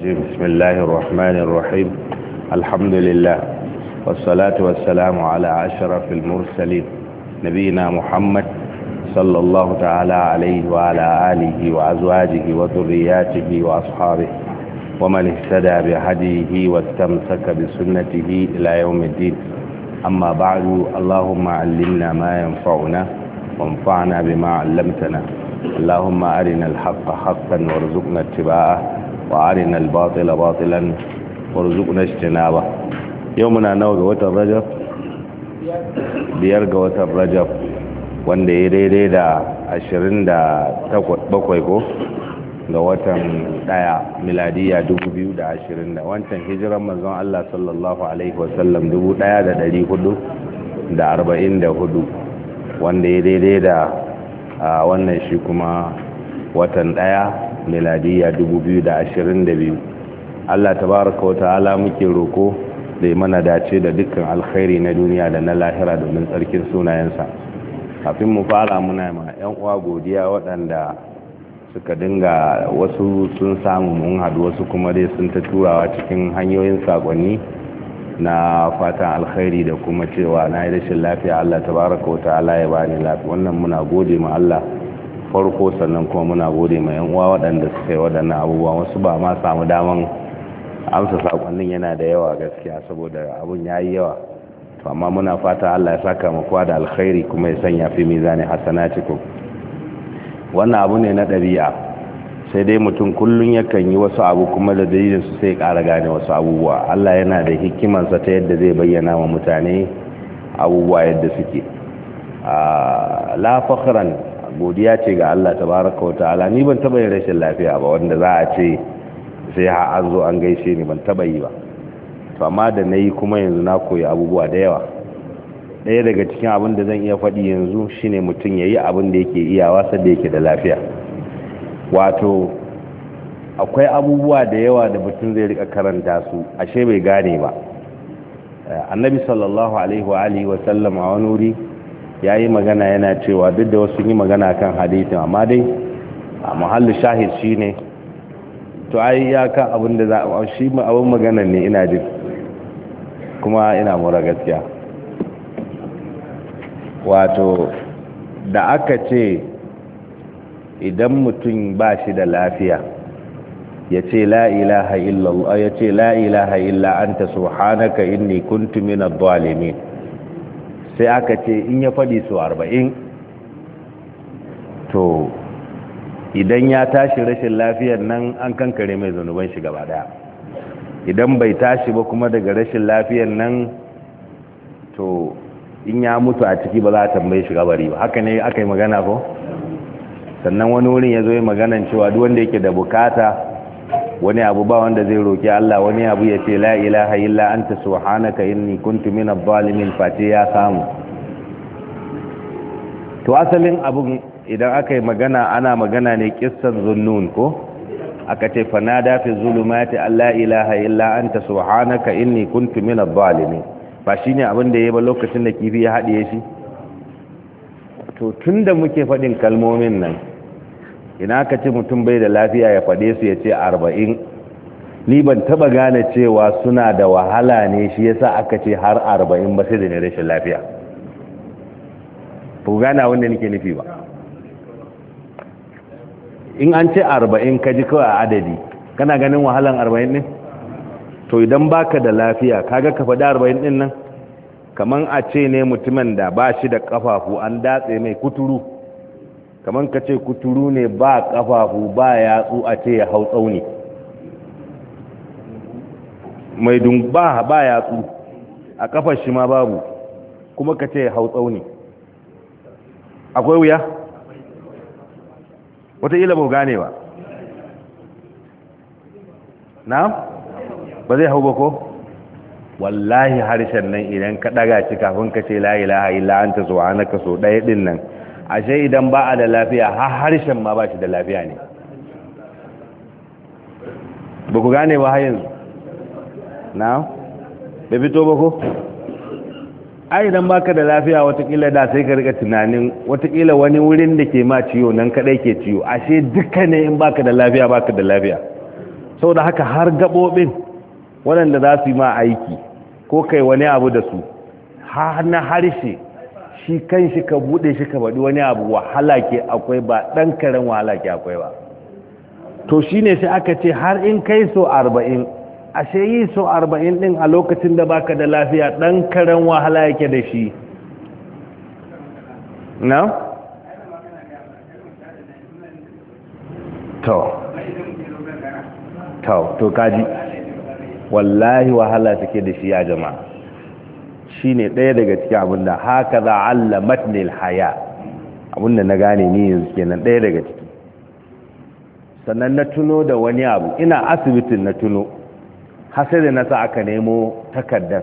بسم الله الرحمن الرحيم الحمد لله والصلاة والسلام على أشرف المرسلين نبينا محمد صلى الله تعالى عليه وعلى آله وأزواجه وذرياته وأصحابه ومن اهتدى بهديه واستمسك بسنته إلى يوم الدين أما بعد اللهم علمنا ما ينفعنا وانفعنا بما علمتنا اللهم أرنا الحق حقا وارزقنا اتباعه وعرنا الباطل باطلا وارزقنا اجتنابه يومنا نوغ وتر رجب biyar ga watan rajab wanda ya daidai da ashirin da bakwai ko ga watan daya miladiya dubu biyu da ashirin da wancan hijiran manzon Allah sallallahu alaihi wasallam dubu daya da dari hudu da arba'in da hudu wanda ya daidai da wannan shi kuma watan daya da 2022 Allah tabaraka wa ta'ala muke roko da ya mana dace da dukkan alkhairi na duniya da na lahira domin tsarkin sunayensa kafin mu fara muna ma yan uwa godiya waɗanda suka dinga wasu sun samu mun haɗu wasu kuma dai sun ta turawa cikin hanyoyin sakonni na fatan alkhairi da kuma cewa na yi rashin lafiya Allah tabaraka wa ta'ala ya bani lafiya wannan muna gode ma Allah farko sannan kuma muna gode mai yan uwa waɗanda suka yi waɗannan abubuwa wasu ba ma samu daman amsa sakonnin yana da yawa gaskiya saboda abun ya yi yawa to amma muna fata Allah ya saka makuwa da alkhairi kuma ya sanya fi mi zane hassana ciko wannan abu ne na ɗabi'a sai dai mutum kullum yakan yi wasu abu kuma da dalilin su sai ƙara gane wasu abubuwa Allah yana da hikimansa ta yadda zai bayyana wa mutane abubuwa yadda suke ah, la fakhran godiya ce ga Allah tabaraka wa ta'ala ni ban taba yin rashin lafiya ba wanda za a ce sai ha an zo an gaishe ni ban taba yi ba to amma da nayi kuma yanzu na koyi abubuwa da yawa ɗaya daga cikin abin da zan iya faɗi yanzu shine mutum yayi abin da yake iyawa da yake da lafiya wato akwai abubuwa da yawa da mutum zai rika karanta su ashe bai gane ba eh, annabi sallallahu alaihi wa alihi wa sallam a wani wuri ya yi magana yana cewa duk da wasu yi magana kan hadithin amma dai a muhallu shahid shi ne to a ya kan abin da za a shi abin magana ne ina jin kuma ina mura gaskiya wato da aka ce idan mutum ba shi da lafiya ya ce la ilaha an ta ce la ilaha illa anta subhanaka inni kuntu minadh dhalimin sai aka ce in ya faɗi su arba'in to idan ya tashi rashin lafiyar nan an kankare mai zunuban shi gaba daya idan bai tashi ba kuma daga rashin lafiyar nan to in ya mutu a ciki ba za a tambaye shi gabari ba haka ne aka yi magana ko sannan wani wurin ya zo yi maganan cewa duk wanda yake da bukata wani abu ba wanda zai roƙi Allah wani abu ya ce la ilaha illa anta subhanaka inni kuntu minadh zalimin fati ya samu to asalin abun idan aka yi magana ana magana ne kissan zunnun ko aka ce fanada fi zulumati alla ilaha illa anta subhanaka inni kuntu minadh zalimin ba shine abin da yayi ba lokacin da kifi ya hadiye shi to tunda muke faɗin kalmomin nan ina ka ce mutum bai da lafiya ya faɗe su ya ce arba'in ni ban taɓa gane cewa suna da wahala ne shi yasa aka ce har arba'in ba sai da ne rashin lafiya ku gana wanda nake nufi ba in an ce arba'in ka ji kawai a adadi kana ganin wahalan arba'in ne to idan baka da lafiya kaga ka faɗi arba'in ɗin nan kaman a ce ne mutumin da ba shi da ƙafafu an datse mai kuturu kamar ka ce kuturu ne ba ƙafafu ba yatsu a ce ya hau tsauni mai dumba ba yatsu a ƙafar shi ma babu kuma ka ce ya hau tsauni akwai wuya wataƙila ba gane ba na ba zai hau ba ko wallahi harshen nan idan ka ɗaga shi kafin ka ce la an ta zuwa na kaso ɗaya ɗin nan ashe idan ba a da lafiya har harshen ma ba shi da lafiya ne ba ku gane ba hayin na ba fito ba ku ai idan baka da lafiya watakila da sai ka rika tunanin watakila wani wurin da ke ma ciwo nan kadai ke ciwo ashe duka ne in baka da lafiya baka da lafiya sau da haka har gabobin waɗanda za su yi ma aiki ko kai wani abu da su har na harshe shi kan shi ka bude shi ka baɗi wani abu wahala ke akwai ba dan karen wahala ke akwai ba to shine sai aka ce har in kai so arba'in ashe yi so arba'in din a lokacin da baka da lafiya dan karen wahala yake da shi na? to to to kaji wallahi wahala take da shi ya jama'a Shi ne ɗaya daga cikin abin haka za allamat ne haya abin na gane ni yanzu kenan ɗaya daga ciki sannan na tuno da wani abu ina asibitin na tuno hasari na sa aka nemo takardar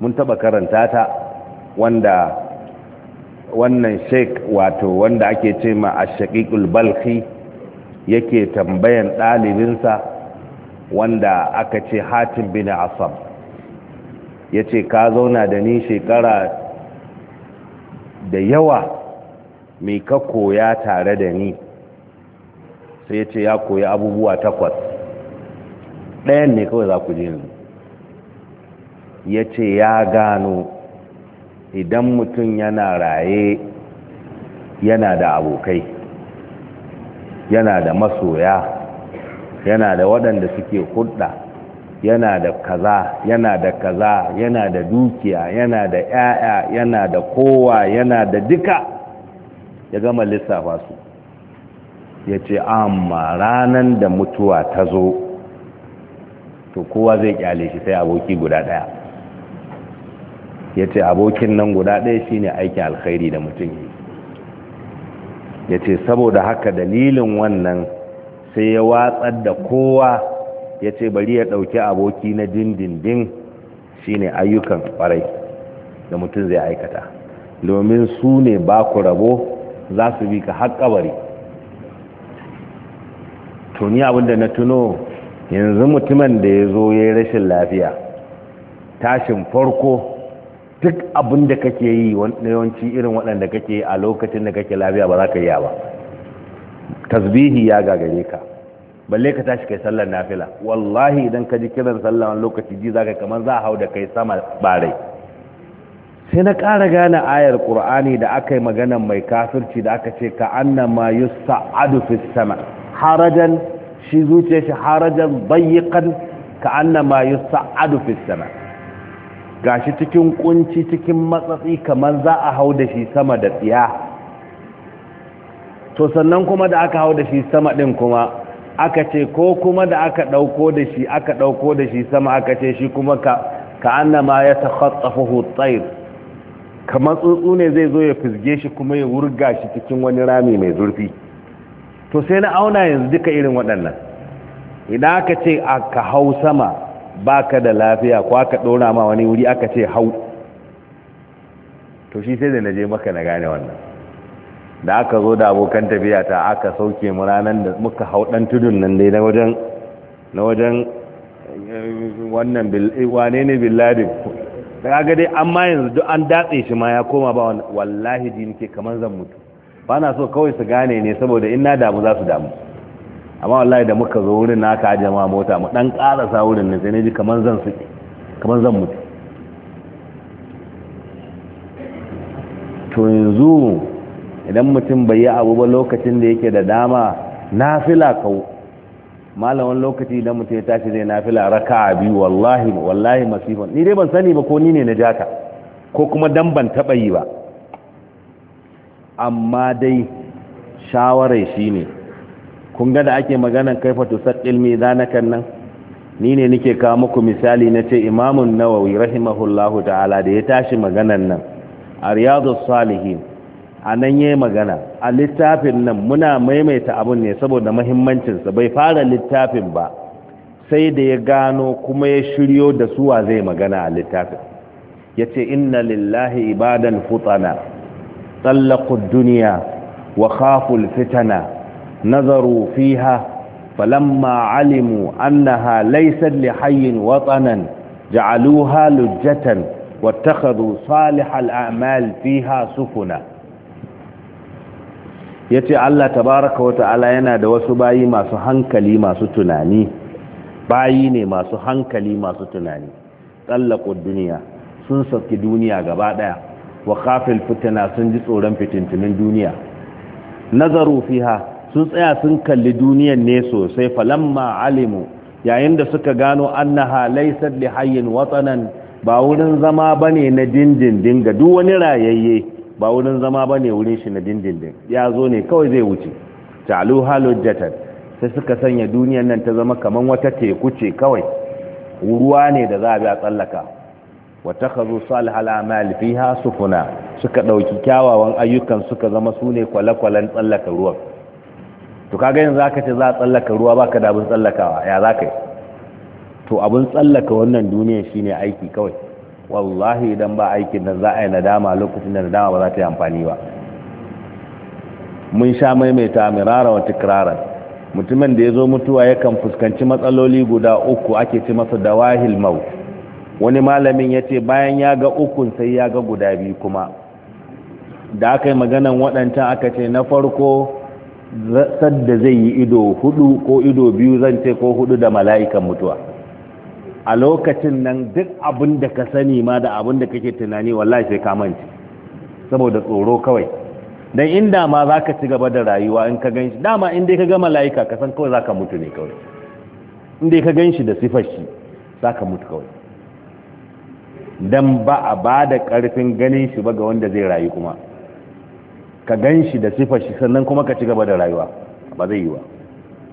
mun taɓa karanta ta wanda wannan sheik wato wanda ake ce ma a shaƙiƙul balki yake tambayan ɗalibinsa wanda aka ce hatin bin asab ya ce ka zauna da ni shekara da yawa mai ka koya tare da ni sai ya ce ya koya abubuwa takwas ɗayan ne kawai za ku je ya ce ya gano idan mutum yana raye yana da abokai yana da masoya yana da waɗanda suke hulɗa yana da kaza yana da kaza yana da dukiya yana da ya'ya yana da kowa yana da duka ya gama lissafa su ya ce amma ranan da mutuwa ta zo to kowa zai kyale shi sai aboki guda daya ya ce abokin nan guda daya shine aikin alkhairi da mutum yi ya ce saboda haka dalilin wannan sai ya watsar da kowa ya ce bari ya ɗauki aboki na dindindin shi ne ayyukan ƙwarai da mutum zai aikata domin su ne ba ku rabo za su bi ka har kabari tuni abinda na tuno yanzu mutumin da ya zo ya yi rashin lafiya tashin farko duk abinda kake yi yawanci irin waɗanda kake yi a lokacin da kake lafiya ba za ka yi ba tasbihi ya gagare ka balle ka tashi kai sallar nafila wallahi idan ka ji kiran sallar wani lokaci ji zaka kamar za a hau da kai sama barai sai na ƙara gane ayar ƙur'ani da aka yi magana mai kafirci da aka ce ka annan ma yi sama harajan shi zuce shi harajan bayyakan ka annan ma yi fi sama ga shi cikin kunci cikin matsatsi kamar za a hau da shi sama da tsiya to sannan kuma da aka hau da shi sama din kuma aka ce ko kuma da aka ɗauko da shi aka ɗauko da shi sama aka ce shi kuma ka annama ya ta khattafahu tsayir kamar tsuntsu ne zai zo ya fisge shi kuma ya wurga shi cikin wani rami mai zurfi to sai na auna yanzu duka irin waɗannan idan aka ce aka hau sama baka da lafiya ko aka ɗora ma wani wuri aka ce hau to shi sai da na je maka na gane wannan da aka zo da abokan tafiya ta aka sauke mu ranar da muka hau dan tudun nan dai na wajen na wajen eh, wannan eh, wane ne billadin da ga dai amma yanzu duk an datse shi ma ya koma ba wallahi din ke kamar zan mutu ba na so kawai su gane ne saboda in na damu za su damu amma wallahi da muka zo wurin na aka ma mota mu dan karasa wurin ne sai ne ji kamar zan su kamar zan mutu to yanzu idan mutum bai yi abu ba lokacin da yake da dama nafila kau malamin lokaci idan mutum ya tashi zai nafila a biyu wallahi wallahi masifon ni dai ban sani ba ko ni ne na jaka ko kuma dan ban taba yi ba amma dai shawarai shine kun ga da ake maganan kaifa ilmi zanakan nan ni ne nake kawo muku misali na ce imamun nawawi rahimahullahu ta'ala da ya tashi maganan nan a riyadu salihin a nan ya magana a littafin nan muna maimaita abin ne saboda mahimmancinsa bai fara littafin ba sai da ya gano kuma ya shiryo da suwa zai magana a littafin ya ce inna lillahi ibadan futsana, tsallaku duniya wa khaful fitana nazaru fiha falamma alimu annaha laysat li hayyin watanan ja'aluha lujjatan wattakhadhu salihal a'mal fiha sufuna ya ce Allah baraka wata ala yana da wasu bayi masu hankali masu tunani bayi ne masu hankali masu tunani tsallakon duniya sun sauki duniya gaba ɗaya wa kafin fitina sun ji tsoron fitintunin duniya nazaru fiha sun tsaya sun kalli duniyan ne sosai falamma alimu yayin da suka gano annaha laysat li hayyin watsanan ba wurin zama bane na dindindin ga duk wani rayayye ba wurin zama ba ne wurin shi na dindindin ya zo ne kawai zai wuce talu halujjatan sai suka sanya duniyan nan ta zama kamar wata teku ce kawai ruwa ne da za a bi a tsallaka wata kazo salihal amal su sufuna suka ɗauki kyawawan ayyukan suka zama su ne kwale-kwalen tsallaka ruwan to kaga za ka ce za a tsallaka ruwa ka da abin tsallakawa ya za ka yi to abin tsallaka wannan duniya shine aiki kawai wallahi idan ba aikin nan za a yi nadama lokacin da nadama ba za ta yi amfani ba mun sha maimaita mirara wa tikraran mutumin da ya zo mutuwa yakan fuskanci matsaloli guda uku ake ce masa wahil mau wani malamin ya ce bayan ya ga ukun sai ya ga guda biyu kuma da aka yi maganan waɗancan aka ce na farko sadda zai yi ido hudu ko ido biyu zan ce ko hudu da mala'ikan mutuwa a lokacin nan duk abin da ka sani ma da abin da kake tunani wallahi sai ka manci saboda tsoro kawai dan inda ma zaka ci gaba da rayuwa in ka ganshi dama in dai ka ga malaika ka san kawai zaka mutu ne kawai in dai ka ganshi da sifar shi zaka mutu kawai dan ba a bada karfin ganin shi ba ga wanda zai rayu kuma ka ganshi da sifar shi sannan kuma ka ci gaba da rayuwa ba zai yi ba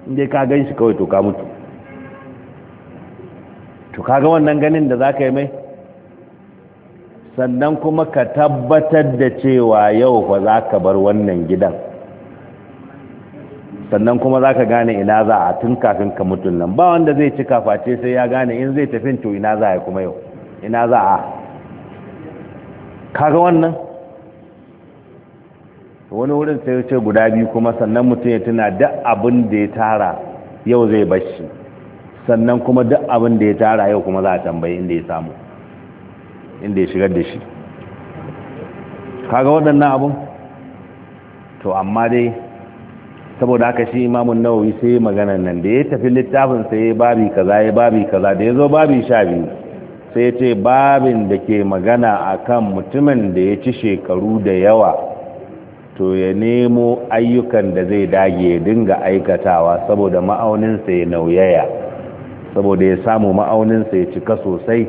in dai ka ganshi kawai to ka mutu to kaga wannan ganin da za yi mai sannan kuma ka tabbatar da cewa yau ba za ka bar wannan gidan sannan kuma za ka gane ina za a tun kafin ka mutun nan ba wanda zai ci kaface sai ya gane in zai tafi to ina za a kuma yau ina za a kaga wannan wani wurin sai ce guda biyu kuma sannan mutum ya tuna duk abin da ya tara yau zai bashi sannan kuma duk abin da ya tara yau kuma za a tambayi inda ya samu inda ya shigar da shi kaga waɗannan abun to amma dai saboda haka shi imamun nawawi sai maganan nan da ya tafi littafin sai ya babi kaza ya babi kaza da ya zo babi sha biyu sai ya ce babin da ke magana akan mutumin da ya ci shekaru da yawa to ya nemo ayyukan da zai dage ya dinga aikatawa saboda ma'auninsa ya nauyaya saboda ya samu ma'auninsa ya cika sosai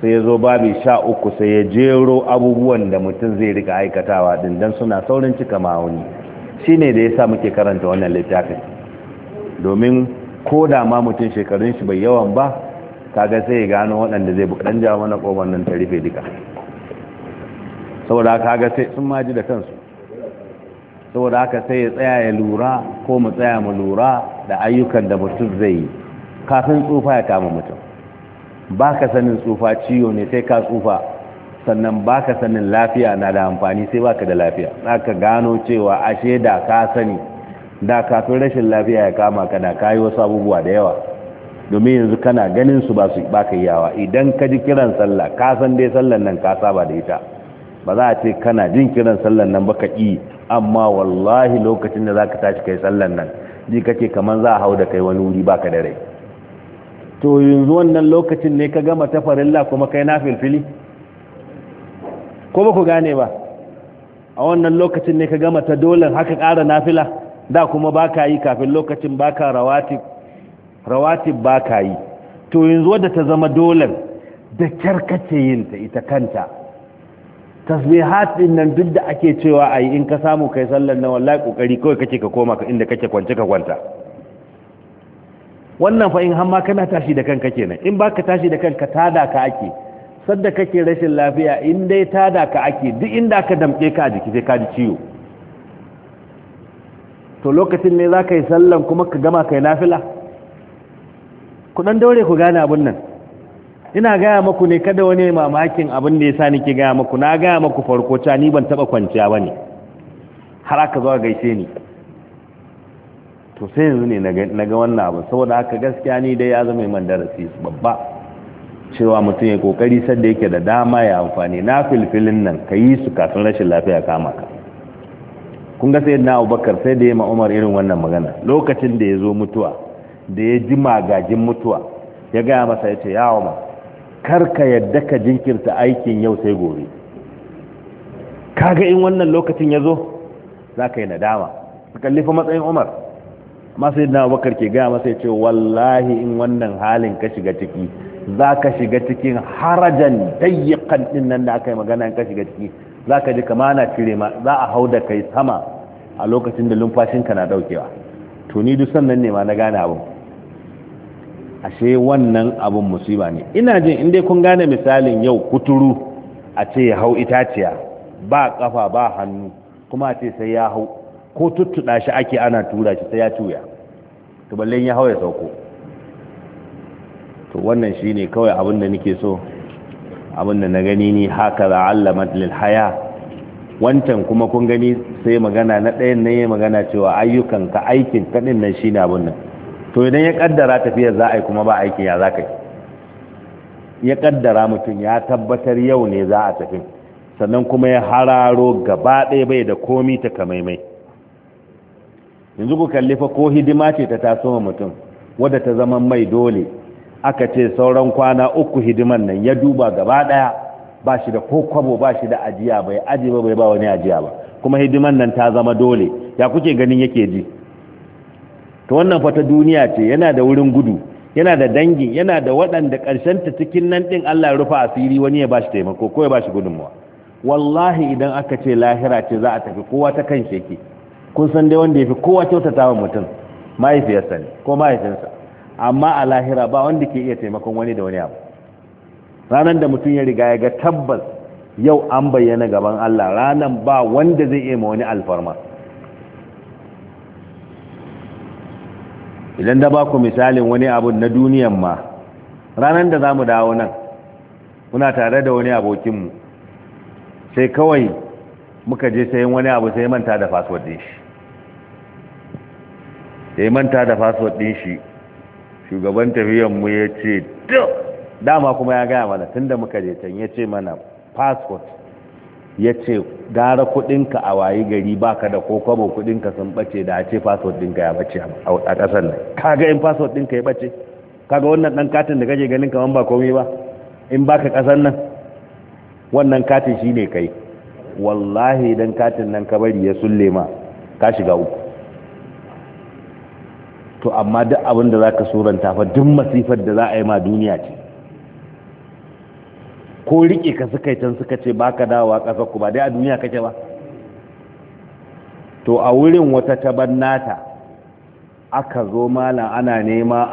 sai ya zo babi sha uku sai ya jero abubuwan da mutum zai rika aikatawa din don suna saurin cika ma'auni shi ne da ya sa muke karanta wannan littafin domin ko da ma mutum shekarun shi bai yawan ba kaga sai ya gano waɗanda zai buƙatar jawo mana ƙoban nan ta rufe duka saboda kaga sai sun maji da kansu saboda haka sai ya tsaya ya lura ko mu tsaya mu lura da ayyukan da mutum zai yi kafin tsufa ya kama mutum ba ka sanin tsufa ciwo ne sai ka tsufa sannan ba ka sanin lafiya na da amfani sai ba ka da lafiya za ka gano cewa ashe da ka sani da kafin rashin lafiya ya kama ka da kayi wasu abubuwa da yawa domin yanzu kana ganin su ba su ba ka yawa idan ka ji kiran sallah ka san dai sallan nan ka saba da ita ba za a ce kana jin kiran sallan nan baka yi amma wallahi lokacin da za ka tashi kai sallan nan ji kake kamar za a hau da kai wani wuri ba ka da rai to yanzu wannan lokacin ne ka gama ta farilla kuma kai na filfili ko ba ku gane ba a wannan lokacin ne ka gama ta dolen haka ƙara nafila da kuma ba ka yi kafin lokacin ba ka rawati ba ka yi to yanzu wadda ta zama dole da kyar kace yinta ita kanta tasbihat din nan duk da ake cewa a yi in ka samu kai sallar na wallahi kokari kawai kake ka koma inda kake kwance ka kwanta wannan fa in hamma kana tashi da kanka kenan in baka tashi da kanka tada ka ake sadda kake rashin lafiya in dai tada ka ake duk inda ka damke ka jiki sai ka ji ciwo to lokacin ne zaka yi sallan kuma ka gama kai nafila ku dan daure ku gane abin nan ina gaya maku ne kada wani mamakin abin da ya sa nake gaya maku na gaya maku farko ta ni ban taba kwanciya ba ne har aka zo gaishe ni to sai yanzu ne na ga wannan abu saboda haka gaskiya ne dai ya zama man darasi babba cewa mutum ya kokari sanda yake da dama ya amfani na filfilin nan ka yi su kafin rashin lafiya kama ka kun ga na Abubakar sai da ya ma Umar irin wannan magana lokacin da ya zo mutuwa da ya ji magajin mutuwa ya gaya masa ya ce ya kar ka yadda ka jinkirta aikin yau sai gobe kaga in wannan lokacin ya zo za ka yi nadama ka kalli fa matsayin Umar amma na bakar ke gaya masa ce wallahi in wannan halin ka shiga ciki za ka shiga cikin harajan dayyakan din nan da aka yi magana in ka shiga ciki za ka ji kama na cire ma za a hau da kai sama a lokacin da lumfashinka na daukewa to ni duk sannan ne ma na gane abin ashe wannan abun musiba ne ina jin in dai kun gane misalin yau kuturu a ce ya hau itaciya ba kafa ba hannu kuma a ce sai ya hau ko tuttuɗa shi ake ana tura shi sai ya tuya, to ballen ya hau ya sauko to wannan shi ne kawai abin da nake so abin da na gani ni haka za allamat lil haya wancan kuma kun gani sai magana na ɗayan nan ya magana cewa ayyukan ka aikin kaɗin nan shi ne abin nan to idan ya ƙaddara tafiyar za a yi kuma ba aiki ya za ka yi ya ƙaddara mutum ya tabbatar yau ne za a tafi sannan kuma ya hararo gaba ɗaya bai da komi ta kamaimai yanzu ku kalli fa ko hidima ce ta taso ma mutum wadda ta zama mai dole aka ce sauran kwana uku hidiman nan ya duba gaba daya ba shi da ko kwabo ba shi da ajiya bai aji ba bai ba wani ajiya ba kuma hidiman nan ta zama dole ya kuke ganin yake ji to wannan fa ta duniya ce yana da wurin gudu yana da dangi yana da waɗanda ƙarshen ta cikin nan ɗin Allah ya rufa asiri wani ya ba shi taimako ko ya ba shi gudunmawa wallahi idan aka ce lahira ce za a tafi kowa ta kan shi kun san dai wanda ya fi kowa kyautata wa mutum mahaifiyarsa ne ko mahaifinsa amma a lahira ba wanda ke iya taimakon wani da wani abu ranar da mutum ya riga ya ga tabbas yau an bayyana gaban Allah ranar ba wanda zai iya ma wani alfarma idan da ba ku misalin wani abu na duniyan ma ranar da za mu dawo nan muna tare da wani abokinmu sai kawai muka je sayan wani abu sai manta da fasfodin shi da ya manta da password ɗin shi shugaban mu ya ce dama kuma ya gaya mana tun da muka je can ya ce mana passport ya ce gara kudinka a wayi gari baka da ko kwabo kudinka sun bace da a ce passport ɗinka ya bace a ƙasar nan kaga in passport ɗinka ya bace kaga wannan dan katin da kake ganin kaman ba komai ba in baka kasar nan wannan katin shine kai wallahi dan katin nan ka bari ya sulle ma ka shiga uku to amma duk abin da za ka suranta fa duk masifar da za a yi ma duniya ce ko rike ka suka yi can suka ce ba ka dawa ƙasar ku ba dai a duniya kake ba to a wurin wata tabannata aka zo malam ana nema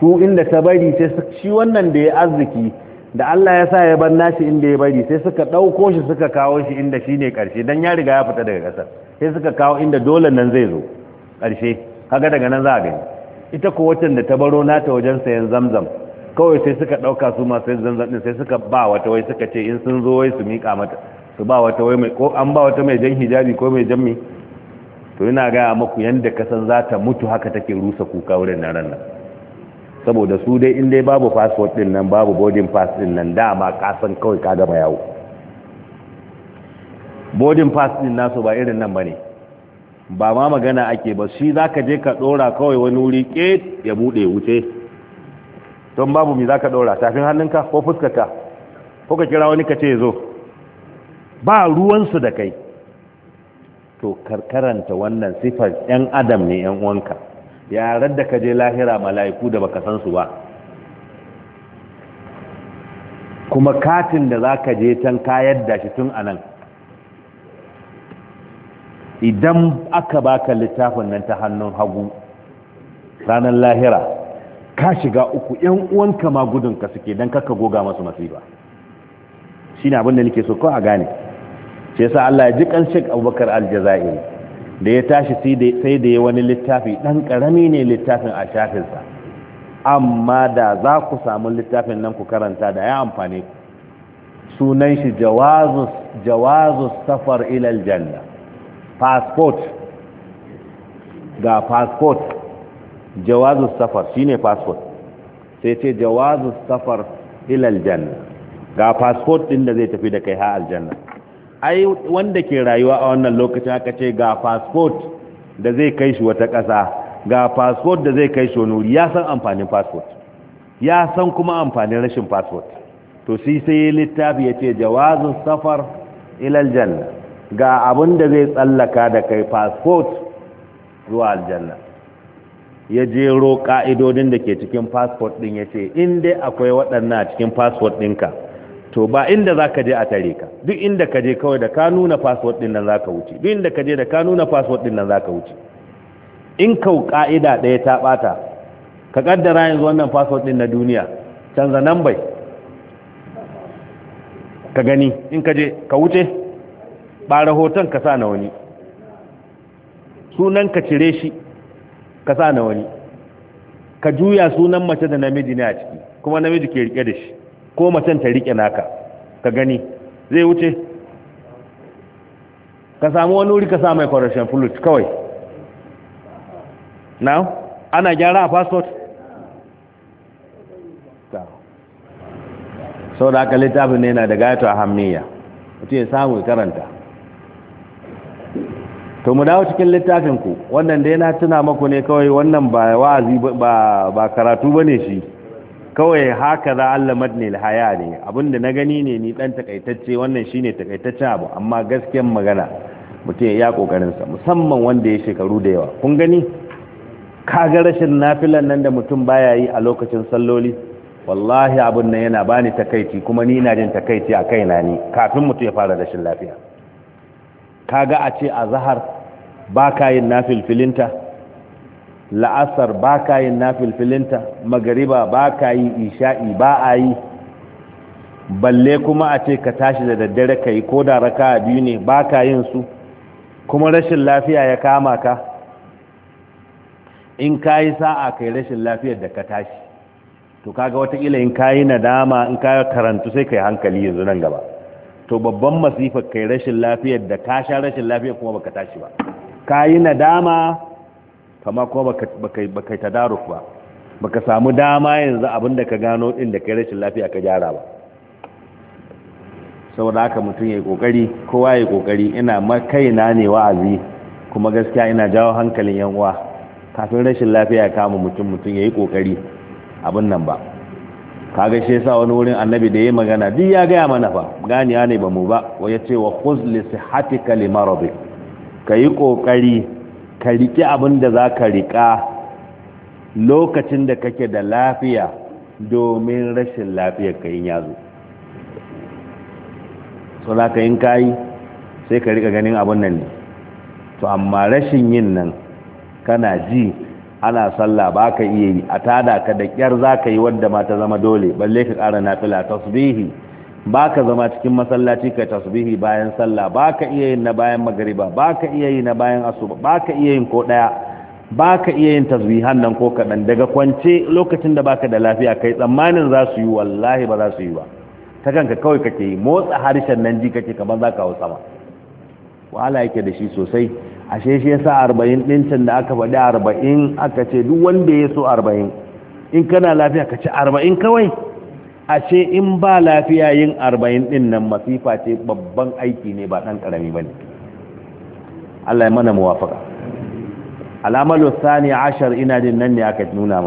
su inda ta bari sai shi wannan da ya arziki da Allah ya sa ya bar nashi inda ya bari sai suka ɗauko shi suka kawo shi inda shi ne ƙarshe don ya riga ya fita daga ƙasar sai suka kawo inda dole nan zai zo ƙarshe kaga daga nan za a gani ita ko wacce da ta baro nata wajen sayan zamzam kawai sai suka ɗauka su masu yin zamzam ɗin sai suka ba wata wai suka ce in sun zo wai su miƙa mata su ba wata wai mai ko an ba wata mai jan hijabi ko mai jan mi to ina gaya maku yadda san za ta mutu haka take rusa kuka wurin na ran nan saboda su dai in dai babu passport ɗin nan babu boarding pass ɗin nan dama san kawai ka gama yawo boarding pass ɗin nasu ba irin nan ba ne ba ma magana ake ba shi za ka je ka ɗora kawai wani wuri ke ya buɗe wuce don babu mi za ka ɗora tafin hannunka ko fuskata ko ka kira wani ka ce zo ba ruwansu da kai to karkaranta wannan sifar 'yan adam ne 'yan uwanka yaran da ka je lahira mala'iku da baka san su ba kuma katin da za ka je can kayar da shi tun anan idan aka baka littafin nan ta hannun hagu ranar lahira ka shiga uku yan uwanka ma gudunka suke don kaka goga masu masifa shi ne abinda nake so ko a gane shi yasa Allah ya ji kan Sheikh Abubakar Aljazairi da ya tashi sai da ya wani littafi ɗan karami ne littafin a shafinsa amma da za ku samu littafin nan ku karanta da ya amfane sunan shi jawazus safar ilal jannah passport ga passport jawazu safar shine passport sai ce jawazu safar ilal janna ga passport din da zai tafi da kai ha aljanna ai wanda ke rayuwa a wannan lokacin aka ce ga passport da zai kai shi wata ƙasa ga passport da zai kai shi wani ya san amfanin passport ya san kuma amfanin rashin passport to sai sai littafi ya ce jawazun safar ilal janna ga abin da zai tsallaka da kai passport zuwa aljanna ya jero ka'idodin da ke cikin passport din ya ce inda akwai waɗannan a cikin passport ɗinka to ba inda za ka je a tare ka duk inda ka je kawai da ka nuna passport ɗin nan za ka wuce duk inda ka je da ka nuna passport ɗin nan za ka wuce in kau ka'ida ɗaya ta ɓata ka ƙaddara yanzu wannan passport ɗin na duniya canza nan bai ka gani in ka je ka wuce ba rahoton ka sa na wani sunan ka cire shi ka sa na wani ka juya sunan mace da namiji ne a ciki kuma namiji ke rike da shi ko macen ta rike naka ka gani zai wuce ka samu wani wuri ka sa mai correction fluid kawai now ana gyara a passport sau da aka littafin ne na da gaito a hamniya mutum ya samu karanta to mu dawo cikin littafin ku wannan dai na tuna maku ne kawai wannan ba wa'azi ba ba karatu bane shi kawai haka za Allah madni alhaya ne abinda na gani ne ni dan takaitacce wannan shine takaitaccen abu amma gaskiyar magana mutum ya kokarin sa musamman wanda ya shekaru da yawa kun gani kaga rashin nafilan nan da mutum baya yi a lokacin salloli wallahi abun nan yana bani takaici kuma ni ina jin takaici a kaina ne kafin mutum ya fara rashin lafiya kaga a ce a zahar ba ka yin nafilfilinta la'asar ba ka yin nafilfilinta magariba ba ka yi isha'i ba a yi balle kuma a ce ka tashi da daddare ka yi ko da raka biyu ne ba ka yin su kuma rashin lafiya ya kama ka in ka yi sa'a kai rashin lafiyar da ka tashi to kaga watakila in ka yi nadama in ka karantu sai ka yi hankali yanzu nan gaba to babban masifar kai rashin lafiyar da ka sha rashin lafiyar kuma baka tashi ba ka yi nadama kama kuma baka ta daruk ba baka samu dama yanzu abinda ka gano din da kai rashin lafiya ka gyara ba saboda haka mutum ya yi kokari kowa ya yi kokari ina na ne wa'azi kuma gaskiya ina jawo hankalin yan uwa kafin rashin lafiya ya kama mutum mutum ya yi kokari abin nan ba kaga shi yasa wani wurin annabi da yayi magana duk ya gaya mana fa ya ne ba mu ba wa yace wa khuz li sihhatika li maradi kayi kokari ka riki abin da zaka rika lokacin da kake da lafiya domin rashin lafiyar ka ya zo so la ka in kai sai ka rika ganin abin nan ne to amma rashin yin nan kana ji ana sallah ba ka iya yi a tada ka da kyar za ka yi wadda ma ta zama dole balle ka ƙara nafila tasbihi ba ka zama cikin masallaci ka tasbihi bayan sallah ba ka iya yin na bayan magariba ba ka iya yi na bayan asuba ba ka iya yin ko ɗaya ba ka iya yin tasbihan nan ko kaɗan daga kwance lokacin da ba ka da lafiya kai tsammanin za su yi wallahi ba za su yi ba ta kanka kawai kake yi motsa harshen nan ji kake kamar za ka hau sama wahala yake da shi sosai ashe shi yasa arba'in ɗincin da aka faɗi arba'in aka ce duk wanda ya so arba'in in kana lafiya ka ci arba'in kawai ashe in ba lafiya yin arba'in ɗin nan masifa ce babban aiki ne ba ɗan ƙarami ba ne allah ya mana muwafaka al'amalu sani ashar ina jin nan ne aka nuna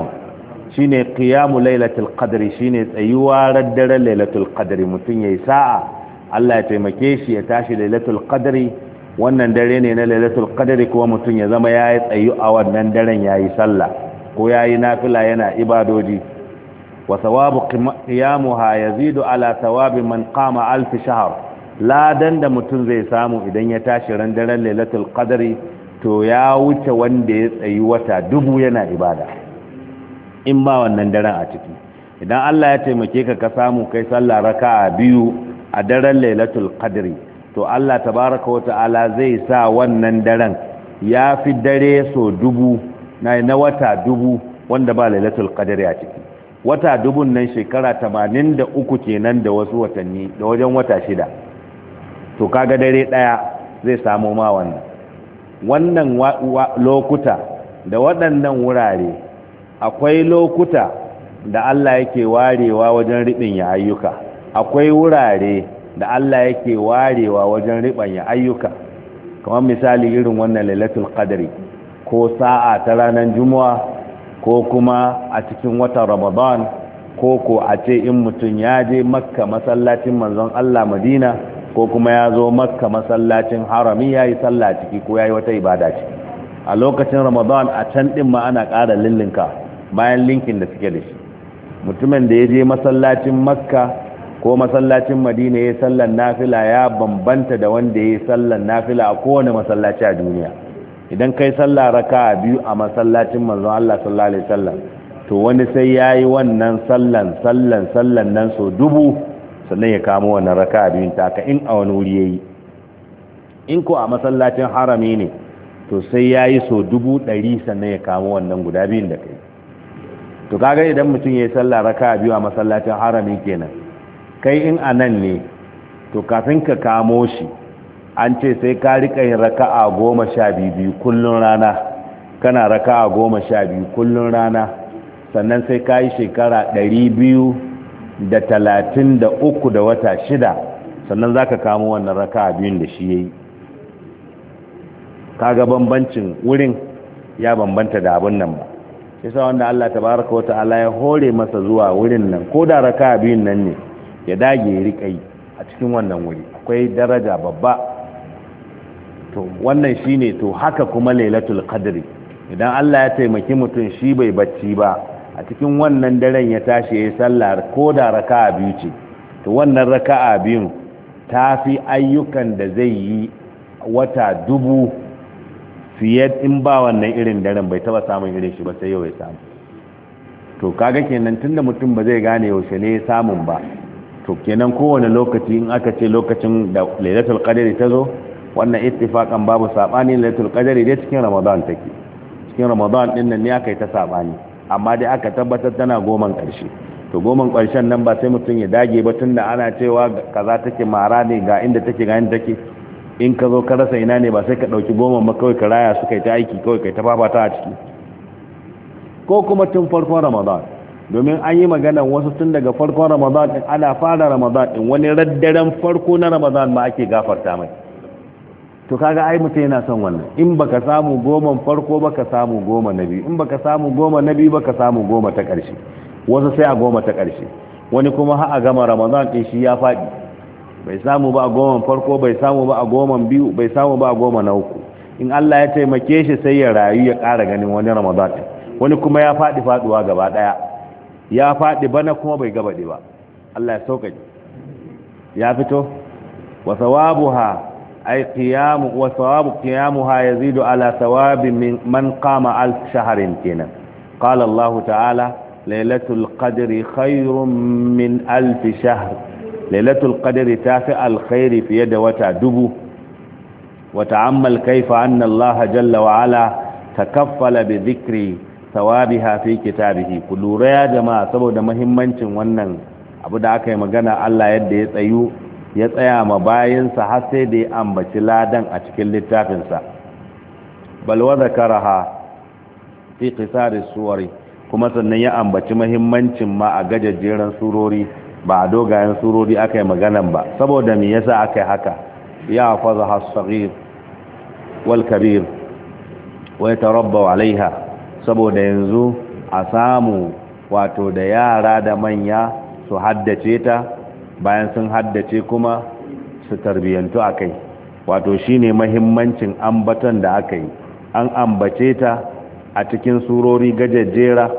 shi shine ƙiyamu lailatul qadri shine tsayuwa daren lailatul qadri mutum ya yi sa'a Allah ya taimake shi ya tashi lailatul qadri wannan dare ne na lailatul qadari kuma mutum ya zama ya yi tsayu a wannan daren ya yi sallah ko ya yi nafila yana ibadoji wa sawabu qiyamuha yazidu ala sawabi man qama alf shahr ladan da mutum zai samu idan ya tashi ran daren lailatul qadari to ya wuce wanda ya tsayi wata dubu yana ibada in ba wannan daren a ciki idan Allah ya taimake ka ka samu kai sallah raka'a biyu a daren lailatul qadri to Allah tabaraka wa ta'ala zai sa wannan daren ya fi dare so dubu na na wata dubu wanda ba lailatul qadari a ciki wata dubun nan shekara 83 kenan da wasu watanni da wajen wata shida to kaga dare daya zai samu ma wannan wannan lokuta da waɗannan wurare akwai lokuta da Allah yake warewa wajen riɓin ya ayyuka akwai wurare da Allah yake warewa wajen ribanya ayyuka kamar misali irin wannan lailatul qadri ko sa'a ta ranar juma'a ko kuma a cikin watan ramadan ko ko a ce in mutum ya je makka masallacin manzon Allah madina ko kuma ya zo makka masallacin harami ya yi sallah ciki ko ya yi wata ibada ciki a lokacin ramadan a can ɗin ma ana ƙara lillinka bayan linkin da suke da shi mutumin da ya je masallacin makka ko masallacin madina ya sallan nafila ya bambanta da wanda ya sallan nafila a kowane masallaci a duniya idan kai salla raka biyu a masallacin manzon Allah sallallahu alaihi wasallam to wani sai yayi wannan sallan sallan sallan nan so dubu sannan ya kamo wannan raka biyun taka in a wani wuri yayi in ko a masallacin harami ne to sai yayi so dubu ɗari sannan ya kamo wannan guda biyun da kai to kaga idan mutum yayi salla raka biyu a masallacin harami kenan kai in a nan ne to kafin ka kamo shi an ce sai ka rika yin raka'a goma sha biyu kullum rana kana raka'a goma sha biyu kullum rana sannan sai ka yi shekara ɗari biyu da talatin da uku da wata shida sannan za ka kamo wannan raka'a biyun da shi ya yi kaga bambancin wurin ya bambanta da abin nan ba yasa wanda Allah tabaraka wa ta'ala ya hore masa zuwa wurin nan ko da raka'a biyun nan ne ya dage ya riƙa yi a cikin wannan wuri akwai daraja babba to wannan shine to haka kuma lailatul qadri idan Allah ya taimaki mutum shi bai bacci ba a cikin wannan daren ya tashi ya yi sallah ko da raka'a biyu ce to wannan raka'a biyun ta fi ayyukan da zai yi wata dubu fiye in ba wannan irin daren bai taba samun irin shi ba sai yau ya samu to kaga kenan tunda mutum ba zai gane yaushe ne samun ba to kenan kowane lokaci in aka ce lokacin da lailatul qadari ta zo wannan ittifaqan babu sabani lailatul qadari dai cikin ramadan take cikin ramadan din nan ne aka yi ta sabani amma dai aka tabbatar tana goman karshe to goman karshen nan ba sai mutum ya dage ba tunda ana cewa kaza take mara ne ga inda take ga inda take in ka zo ka rasa ina ne ba sai ka dauki goman ba kawai ka raya su kai ta aiki kawai kai ta fafata a ciki ko kuma tun farkon ramadan domin an yi magana wasu tun daga farkon ramadan din ana fara ramadan din wani raddaren farko na ramadan ma ake gafarta mai to kaga ai mutum yana son wannan in baka samu goma farko baka samu goma na biyu in baka samu goma na biyu baka samu goma ta ƙarshe wasu sai a goma ta ƙarshe wani kuma har a gama ramadan din shi ya faɗi bai samu ba a goma farko bai samu ba a goma biyu bai samu ba a goma na uku in Allah ya taimake shi sai ya rayu ya ƙara ganin wani ramadan din wani kuma ya faɗi faɗuwa gaba ɗaya ya faɗi bana kuma bai gabaɗe ba Allah ya sauƙaƙe ya fito wasawabu ha ay qiyamu wasawabu thawabu ha yazidu ala thawabi man qama alf shahrin kenan qala Allah ta'ala lailatul qadri khairun min alf shahr lailatul qadri tafi alkhairi fiye da wata dubu wa ta'ammal kaifa anna Allah jalla wa ala takaffala bi dhikri thawabiha fi kitabihi ku lura ya jama'a saboda muhimmancin wannan abu da aka yi magana Allah yadda ya tsayu ya tsaya ma sa har sai da ya ambaci ladan a cikin littafinsa bal wa zakaraha fi qisari suwari kuma sannan ya ambaci muhimmancin ma a gajajjeran surori ba a dogayen surori aka yi maganan ba saboda me yasa aka yi haka ya fazaha as-saghir wal kabir wa yatarabba alaiha saboda yanzu a samu wato da yara da manya su haddace ta bayan sun haddace kuma su tarbiyyantu a kai wato shine mahimmancin ambaton da aka yi an ambace ta a cikin surori gajajjera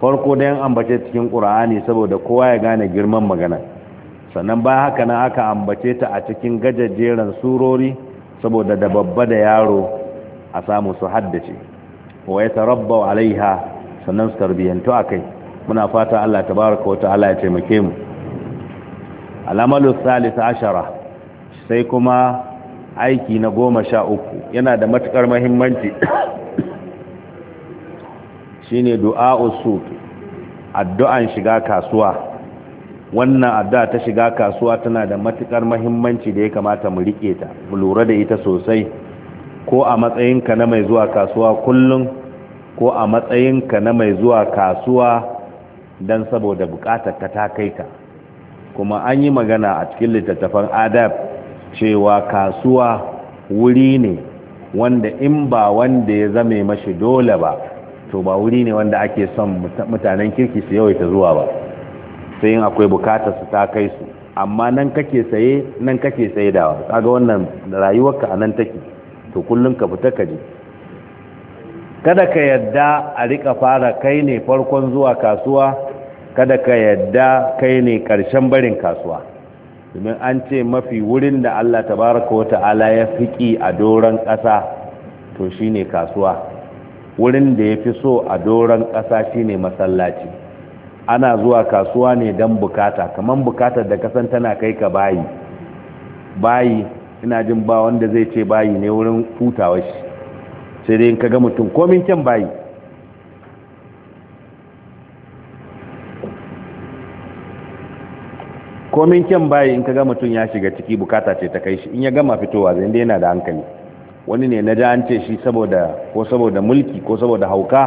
farko da yan ambace cikin ƙura'ani saboda kowa ya gane girman magana sannan ba haka nan aka ambace ta a cikin gajajjeran surori saboda da babba da yaro a samu su haddace wa wa alaiha sannan su a akai muna fata Allah ta baraka wata Allah ya taimake mu al'amalu salis ashara sai kuma aiki na goma sha uku yana da matukar mahimmanci shine du'a usut addu'an shiga kasuwa wannan addu'a ta shiga kasuwa tana da matukar mahimmanci da ya kamata mu riƙe ta mu lura da ita sosai ko a matsayinka na mai zuwa kasuwa kullum ko a matsayinka na mai zuwa kasuwa don saboda bukatar ka ta kai ka kuma an yi magana a cikin littattafan adab cewa kasuwa wuri ne wanda in ba wanda ya zame mashi dole ba to ba wuri ne wanda ake son mutanen kirki su yawaita zuwa ba sai yin akwai bukatar su ta kai su amma nan kake saye nan kake wa ga wannan rayuwarka a nan take to kullum ka fita ka je kada ka yadda a rika fara kai ne farkon zuwa kasuwa kada ka yadda kai ne karshen barin kasuwa domin an ce mafi wurin da Allah tabaraka wa ta'ala ya fiki a doron ƙasa to shine kasuwa wurin da ya fi so a doron ƙasa shine masallaci ana zuwa kasuwa ne don bukata kamar bukatar da kasan tana kai ka bayi bayi ina jin ba wanda zai ce bayi ne wurin hutawa shi sai dai in kaga mutum komin kyan bayi komin kyan bayi in kaga mutum ya shiga ciki bukata ce ta kai shi in ya gama fitowa zai inda yana da hankali wani ne na an ce shi saboda ko saboda mulki ko saboda hauka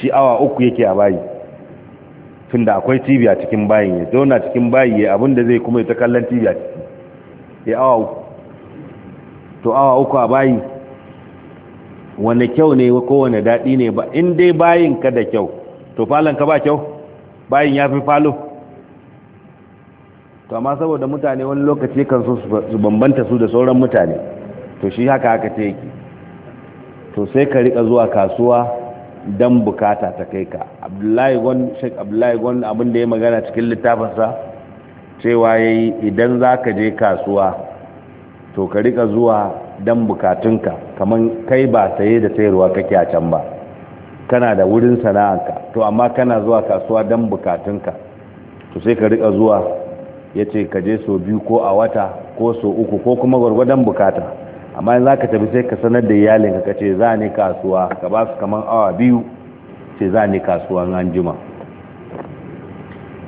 shi awa uku yake a bayi tunda akwai tibiya a cikin bayin ya zauna cikin bayi ya abinda zai kuma ya ta kallon tibiya a ciki ya awa uku to awa uku a bayi wane kyau ne kowane daɗi ne ba in dai bayin ka da kyau to falon ka ba kyau bayin ya fi falo to amma saboda mutane wani lokaci kan su su bambanta su da sauran mutane to shi haka haka ta yake to sai ka riƙa zuwa kasuwa don bukata ta kai ka abdullahi gwan shek abdullahi gwan abinda ya magana cikin littafinsa cewa ya yi idan za ka je kasuwa to ka rika zuwa dan bukatunka kamar kai ba saye da sayarwa kake a can ba kana da wurin sana'anka to amma kana zuwa kasuwa dan bukatunka to sai ka rika zuwa yace ka je so biyu ko a wata ko so uku ko kuma gwargwadon bukata amma yanzu ka tafi sai ka sanar da iyalinka kace za ni kasuwa ka ba su kamar awa biyu ce za ni kasuwan anjima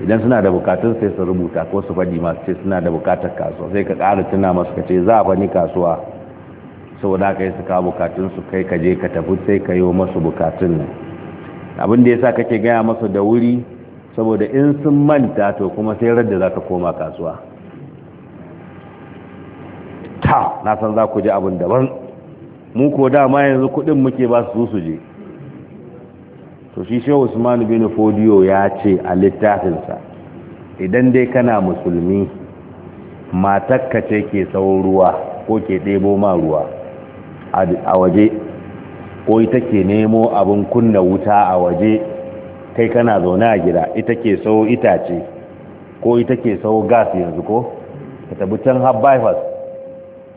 idan suna da bukatun sai su rubuta ko su faɗi masu ce suna da bukatar kasuwa sai ka ƙara tuna masu ka ce za a fani kasuwa sau da ka yi su kawo bukatun su kai ka je ka tafi sai ka yi wa masu bukatun nan abin da ya sa kake gaya masu da wuri saboda in sun manta to kuma sai radda za ka koma kasuwa ta na san za ku ji abin daban mu ko dama yanzu kuɗin muke ba su su je to shi shehu usman bin fodiyo ya ce a littafinsa idan dai kana musulmi matakka ce ke tsawon ruwa ko ke ɗebo ma ruwa a waje ko ita ke nemo abin kunna wuta a waje kai kana zaune a gida ita ke sau itace ko ita ke sau gas yanzu ko ka tabbatar can har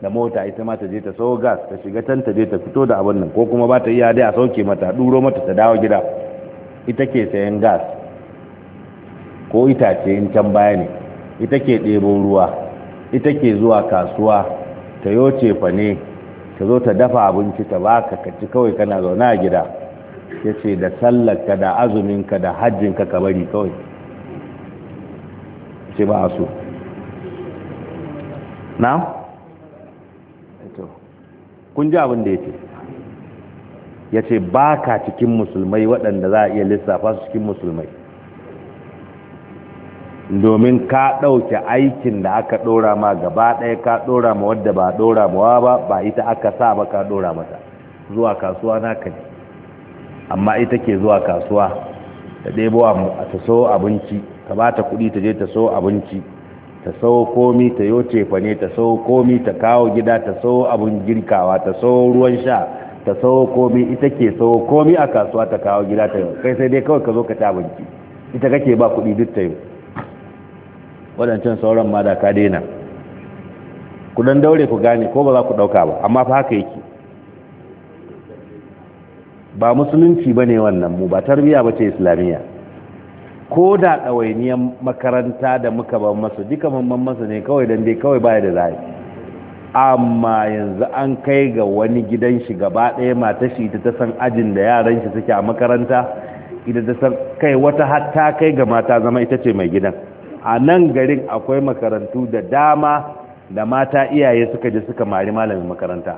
da mota ita ma ta je ta so gas ta shiga can ta je ta fito da abin nan ko kuma ba ta iya dai a sauke mata duro mata ta dawo gida ita ke sayan gas ko itace in can baya ne ita ke ɗebo ruwa ita ke zuwa kasuwa ta yoce fa ne ta zo ta dafa abinci ta baka ka ci kawai kana zaune a gida ya ce da ka da azumin ka da hajjinka ka bari kawai ce ba a so na? kun ji abin da ya ce ya ce ba ka cikin musulmai waɗanda za a iya lissafa su cikin musulmai domin ka ɗauke aikin da aka ɗora ma gaba ɗaya ka ɗora ma wadda ba ɗora mawa ba ba ita aka sa ba ka ɗora mata zuwa kasuwa na ka ne amma ita ke zuwa kasuwa ta ɗebo a ta so abinci ta ba ta kuɗi ta je ta so abinci ta sau komi ta yo cefa ne ta sau komi ta kawo gida ta sau abun girkawa ta sau ruwan sha ta sau komi ita ke sau komi a kasuwa ta kawo gida ta yau kai sai dai kawai ka zo ka ci abinci ita kake ba kuɗi duk ta yau waɗancan sauran ma da ka daina ku dan daure ku gane ko ba za ku ɗauka ba amma fa haka yake ba musulunci ba ne wannan mu ba tarbiyya ba ce islamiyya ko da ɗawainiyar makaranta da muka ban masa duka mamman masa ne kawai don dai kawai baya da zai amma yanzu an kai ga wani gidan shi gaba ɗaya mata shi ita ta san ajin da yaran shi suke a makaranta ita ta san kai wata hatta kai ga mata zama ita ce mai gidan a nan garin akwai makarantu da dama da mata iyaye suka je suka mari malamin makaranta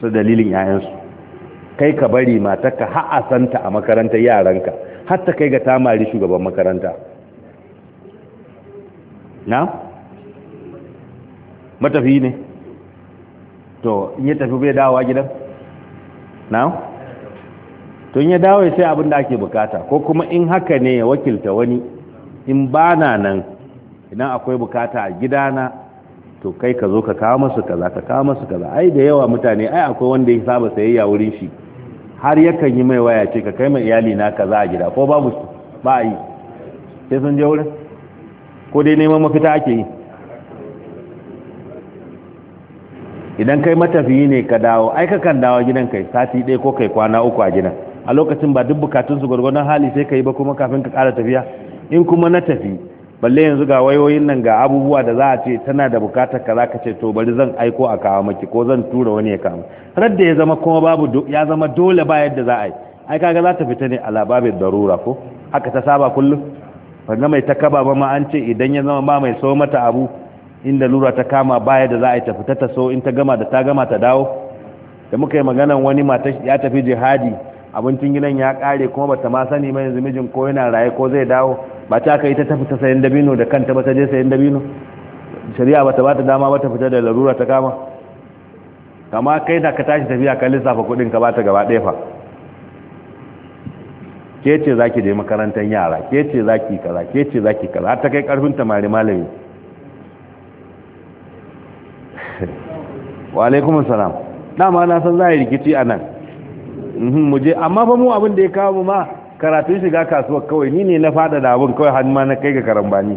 su dalilin 'ya'yansu kai ka bari ka ha'asanta a makarantar yaranka Hatta kai ga tamari shugaban makaranta na matafi ne to in ya tafi bai dawowa gidan na to in ya dawo sai abin da ake bukata ko kuma in haka ne ya wakilta wani in ba na nan idan akwai bukata a gidana to kai ka zo ka kawo masu kaza ka kawo masu kaza ai da yawa mutane ai akwai wanda ya saba sayayya wurin shi har yakan yi mai waya ce ka kai mai iyali na kaza a gida ko babu su ba yi sai sun je wurin ko dai neman mafita ake yi idan kai matafiyi ne ka dawo ai ka kan dawo gidan kai sati ɗaya ko kai kwana uku a gidan a lokacin ba duk bukatun su gwargwadon hali sai ka yi ba kuma kafin ka ƙara tafiya in kuma na tafi balle yanzu ga wayoyin nan ga abubuwa da za a ce tana da bukatar ka zaka ce to bari zan aiko a kawo maki ko zan tura wani ya kawo da ya zama kuma babu ya zama dole ba yadda za a yi ai kaga za ta fita ne a lababin darura ko haka ta saba kullum wanda mai ta ba ma an ce idan ya zama ba mai so mata abu inda lura ta kama ba yadda za a yi ta fita ta so in ta gama da ta gama ta dawo da muka yi maganan wani mata ya tafi jihadi abincin gidan ya kare kuma bata ma sani mai yanzu mijin ko yana raye ko zai dawo ba ta aka yi ta tafi ta sayan dabino da kanta ba ta je sayan dabino shari'a ba ta ba ta dama ba ta fita da larura ta kama kama kai da ka tashi tafiya ka lissafa kudin ka ba ta gaba ɗaya fa ke ce za ki je makarantar yara ke ce za ki kaza ke ce za ki kaza har ta kai karfin tamari malami wa alaikum assalam dama na san za a yi rikici a nan mhm, mu je amma ba mu abin da ya kawo mu ma karatun shiga kasuwar kawai ni ne na fada da abin kawai hannu ma na kai ga karambani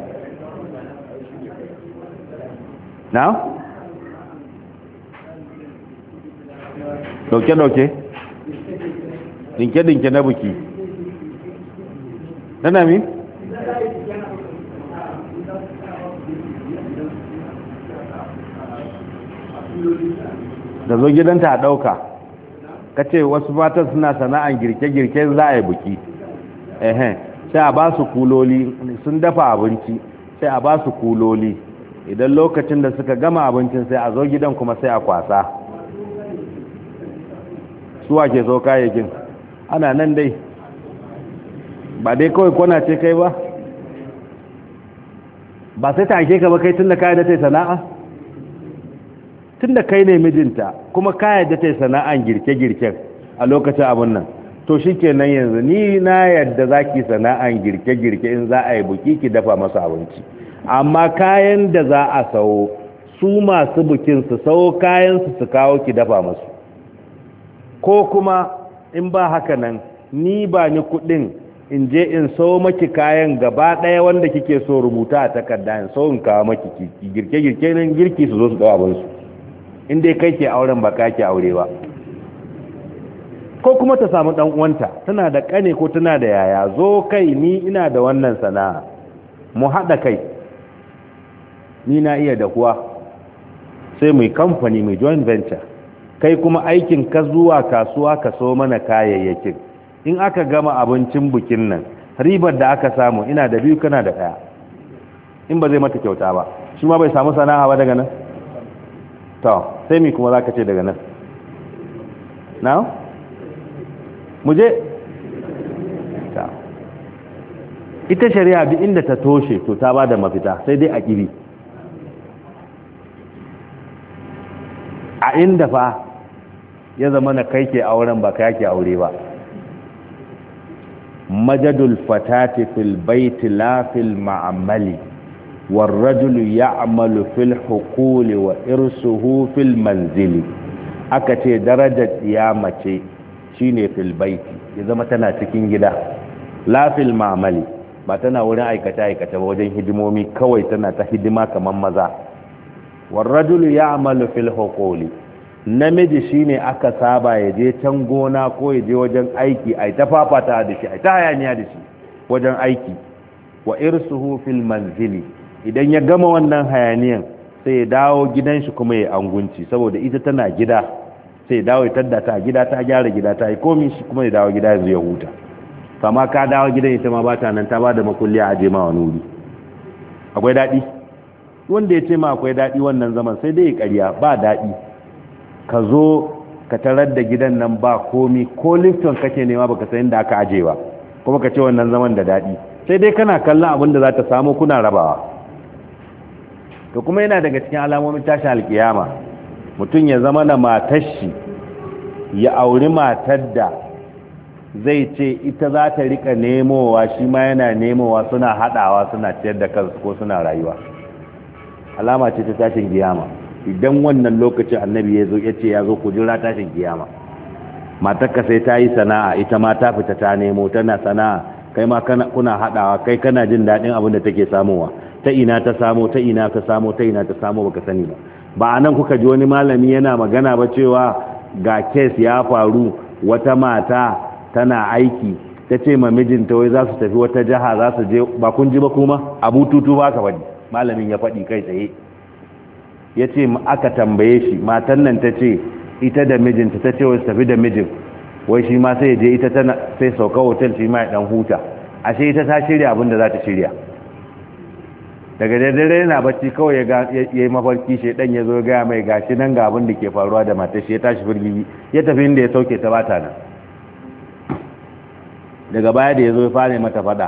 na? dauke-dauke dinke-dinke na buki tana mi? da zo gidanta a ɗauka ka ce wasu fatan suna sana'an girke-girke za a yi buki ehem sai a ba su kuloli sun dafa abinci sai a ba su kuloli idan lokacin da suka gama abincin sai a zo gidan kuma sai a kwasa suwa ke zo kayayyakin ana nan dai ba dai kawai kwana ce kai ba ba sai ta ake ka ba kai tun da kayan da ta sana'a tun da kai ne mijinta kuma kayan da ta sana'an girke-girken a lokacin abin nan to shi nan yanzu ni na yadda za ki sana'an girke-girke in za a yi buki ki dafa masa abinci amma kayan da za a sawo su masu bukin su sawo kayan su su kawo ki dafa masu ko kuma in ba haka nan ni ba ni kudin in je in sawo maki kayan gaba ɗaya wanda kike so rubuta a takarda in sawo in kawo maki girke-girke nan girki su zo su dawa abinsu in dai kai ke auren ba ka ke aure ba ko kuma ta samu dan uwanta tana da kane ko tana da yaya zo kai ni ina da wannan sana'a mu hada kai ni na iya da kuwa sai mu kamfani mai joint venture kai kuma aikin ka zuwa kasuwa ka so mana kayayyakin in aka gama abincin bukin nan ribar da aka samu ina da biyu kana da daya in ba zai mata kyauta ba shi ma bai samu sana'a ba daga nan to sai kuma zaka ce daga nan now muje ita shari'a duk inda ta toshe to ta bada mafita sai dai a kiri a inda fa ya zama na kai ke auren ba kai ke aure ba majadul fatati fil baiti la fil ma'amali والرجل ya'malu في wa وإرسه fil Manzili, aka ce darajar ya mace Shi ne baiti ya zama tana cikin gida lafil ma'mali ba tana wurin aikata aikata ba wajen hidimomi kawai tana ta hidima kamar maza war ya amalu fil huquli namiji ne aka saba ya je can gona ko ya je wajen aiki ai ta fafata da shi ai ta hayaniya da shi wajen aiki wa irsuhu fil manzili idan ya gama wannan hayaniyan sai ya dawo gidan shi kuma ya angunci saboda ita tana gida sai dawo ya tadda ta gida ta gyara gida ta yi komi shi kuma ya dawo gida yanzu ya huta kama ka dawo gidan ita ma bata nan ta bada makulli a aje ma wani akwai daɗi wanda ya ce ma akwai daɗi wannan zaman sai dai ƙarya ba daɗi ka zo ka tarar da gidan nan ba komi ko lifton kake nema ka san inda aka aje ba kuma ka ce wannan zaman da daɗi sai dai kana kallon abin da za ta samu kuna rabawa to kuma yana daga cikin alamomin tashin alkiyama mutum ya zama na matar shi ya auri matar da zai ce ita za ta rika nemowa shi ma yana nemowa suna hadawa suna ciyar da kansu ko suna rayuwa alama ce ta tashin giyama idan wannan lokacin annabi ya zo ya ce ya zo ku jira tashin giyama matarka sai ta yi sana'a ita ma ta fita ta nemo tana sana'a kai ma kuna hadawa kai kana jin daɗin abin da take samowa ta ina ta samo ta ina ta samo ta ina ta samo baka sani ba ba nan kuka ji wani malami yana magana ba cewa ga kes ya faru wata mata tana aiki ta ce ma mijinta wai za su tafi wata jiha za su je ba kun ji ba kuma abu tutu ba ka faɗi malamin ya faɗi kai tsaye ya ce aka tambaye shi matan nan ta ce ita da mijinta ta ce wai su tafi da mijin wai shi ma sai ya je ita sai sauka hotel shi ma ya dan huta ashe ita ta shirya abin da za ta shirya daga daidai yana bacci kawai ya yi mafarki shaidan ya zo gaya mai gashi nan ga abin da ke faruwa da mata shi ya tashi firgigi ya tafi inda ya sauke ta bata nan daga baya da ya zo ya fara mata fada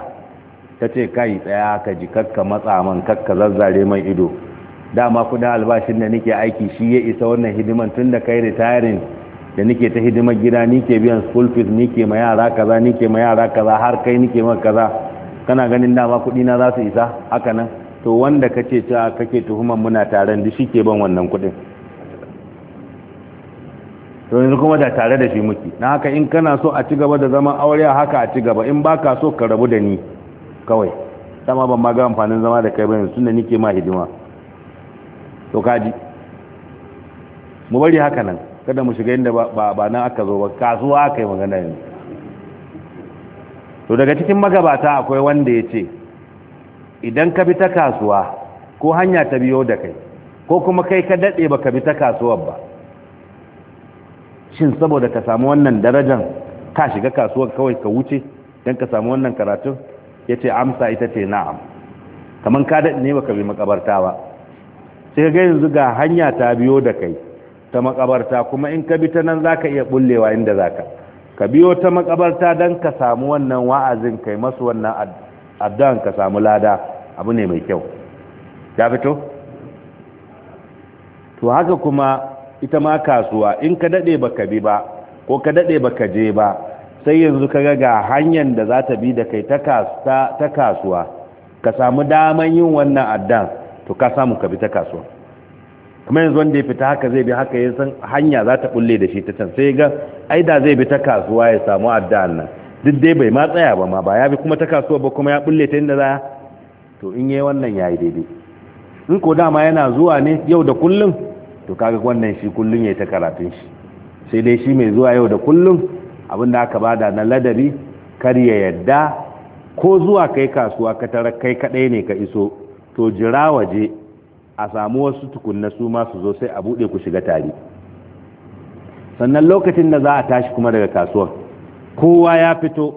ta ce kai tsaya ka ji kakka matsa man kakka zazzare mai ido dama kudin albashin da nake aiki shi ya isa wannan hidiman tun da kai retiring da nake ta hidimar gida nike biyan school fees nike ma yara kaza nike ma yara kaza har kai nike ma kaza kana ganin dama kudi na za su isa haka nan to wanda ce ta kake tuhumar muna taron da ke ban wannan kudin to yanzu kuma da tare da shi muke na haka in kana so a ci gaba da zaman aure a haka a ci gaba in baka so ka rabu da ni kawai sama ban ma ga amfanin zama da kai ba yanzu tunda nike ma hidima to kaji mu bari haka nan kada mu shiga inda ba ba nan aka zo ba kasuwa aka yi magana yanzu to daga cikin magabata akwai wanda ya ce idan ka bi ta kasuwa ko hanya ta biyo da kai ko kuma kai ka daɗe ba ka bi ta kasuwar ba shin saboda ka samu wannan darajan ka shiga kasuwar kawai ka wuce don ka samu wannan karatun ya ce amsa ita ce na'am kamar ka daɗe ne ba ka bi makabarta ba sai ga yanzu ga hanya ta biyo da kai ta makabarta kuma in ka bi ta nan zaka iya bullewa inda zaka ka biyo ta makabarta don ka samu wannan wa'azin kai masu wannan Addu'an ka samu lada abu ne mai kyau ya fito to haka kuma ita ma kasuwa in ka daɗe baka bi ba ko ka daɗe baka je ba sai yanzu ka ga hanyar da za ta bi da kai ta kasuwa ka samu daman yin wannan addu’an to ka samu ka bi ta kasuwa kuma yanzu wanda ya fita haka zai bi haka ya san hanya za ta bulle da shi ta can sai ga aida zai bi ta kasuwa ya samu addu'an nan duk dai bai ma tsaya ba ma ba ya bi kuma ta kasuwa ba kuma ya bulle ta inda za to in yi wannan ya yi daidai in ko dama yana zuwa ne yau da kullum to kaga wannan shi kullum ya yi ta karatun shi sai dai shi mai zuwa yau da kullum abin da aka bada na ladabi kar ya yadda ko zuwa kai kasuwa ka tarar kai kadai ne ka iso to jira waje a samu wasu tukunna su ma su zo sai a bude ku shiga tare sannan lokacin da za a tashi kuma daga kasuwar kowa ya fito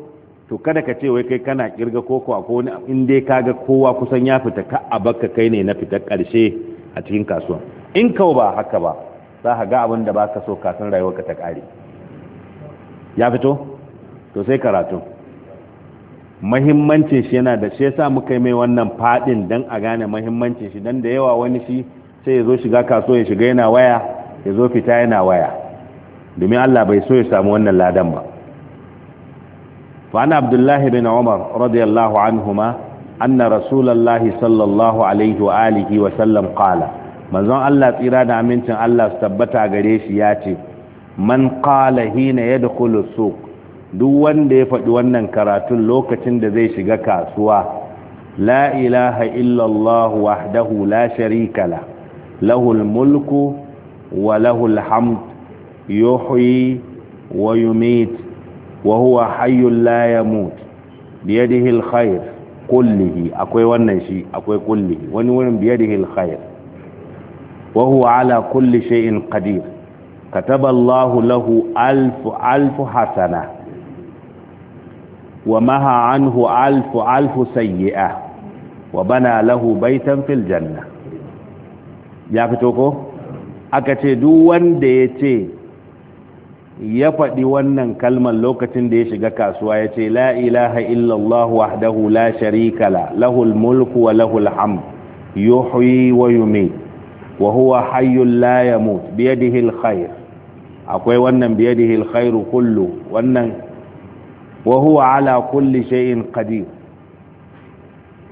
to kada ka ce wai kai kana kirga ko ko wani in dai kaga kowa kusan ya fita ka a baka kai ne na fitar karshe a cikin kasuwa in ka ba haka ba za ka ga abin da baka so kasan rayuwar ka ta kare ya fito to sai karatu mahimmancin shi yana da shi yasa muka yi mai wannan fadin dan a gane muhimmancin shi dan da yawa wani shi sai ya zo shiga kasuwa ya shiga yana waya ya zo fita yana waya domin Allah bai so ya samu wannan ladan ba وعن Abdullahi bin Umar عمر رضي الله عنهما أن رسول الله صلى الله عليه وآله وسلم قال manzon Allah tsira da amincin Allah su tabbata gare shi ya ce man qala hina ya yadkhulu suq duk wanda ya faɗi wannan karatun lokacin da zai shiga kasuwa la ilaha illa Allah wahdahu la sharika la mulku wa lahul hamd yuhyi wa yumit wa huwa hayyul la yamut biyadihi alkhair kullihi akwai wannan shi akwai kullihi wani wurin biyadihi alkhair wa huwa ala kulli shay'in qadir kataba Allahu lahu alf alf hasana wa maha anhu alf alf sayyi'a wa bana lahu baitan fil janna ya fito ko aka ce duk wanda ya ce ya faɗi wannan kalmar lokacin da ya shiga kasuwa ya ce la ilaha illallah wahdahu la sharika la lahul mulku wa lahul hamd yuhyi wa yumit wa huwa hayyul la yamut bi yadihi alkhair akwai wannan bi yadihi alkhair kullu wannan wa huwa ala kulli shay'in qadir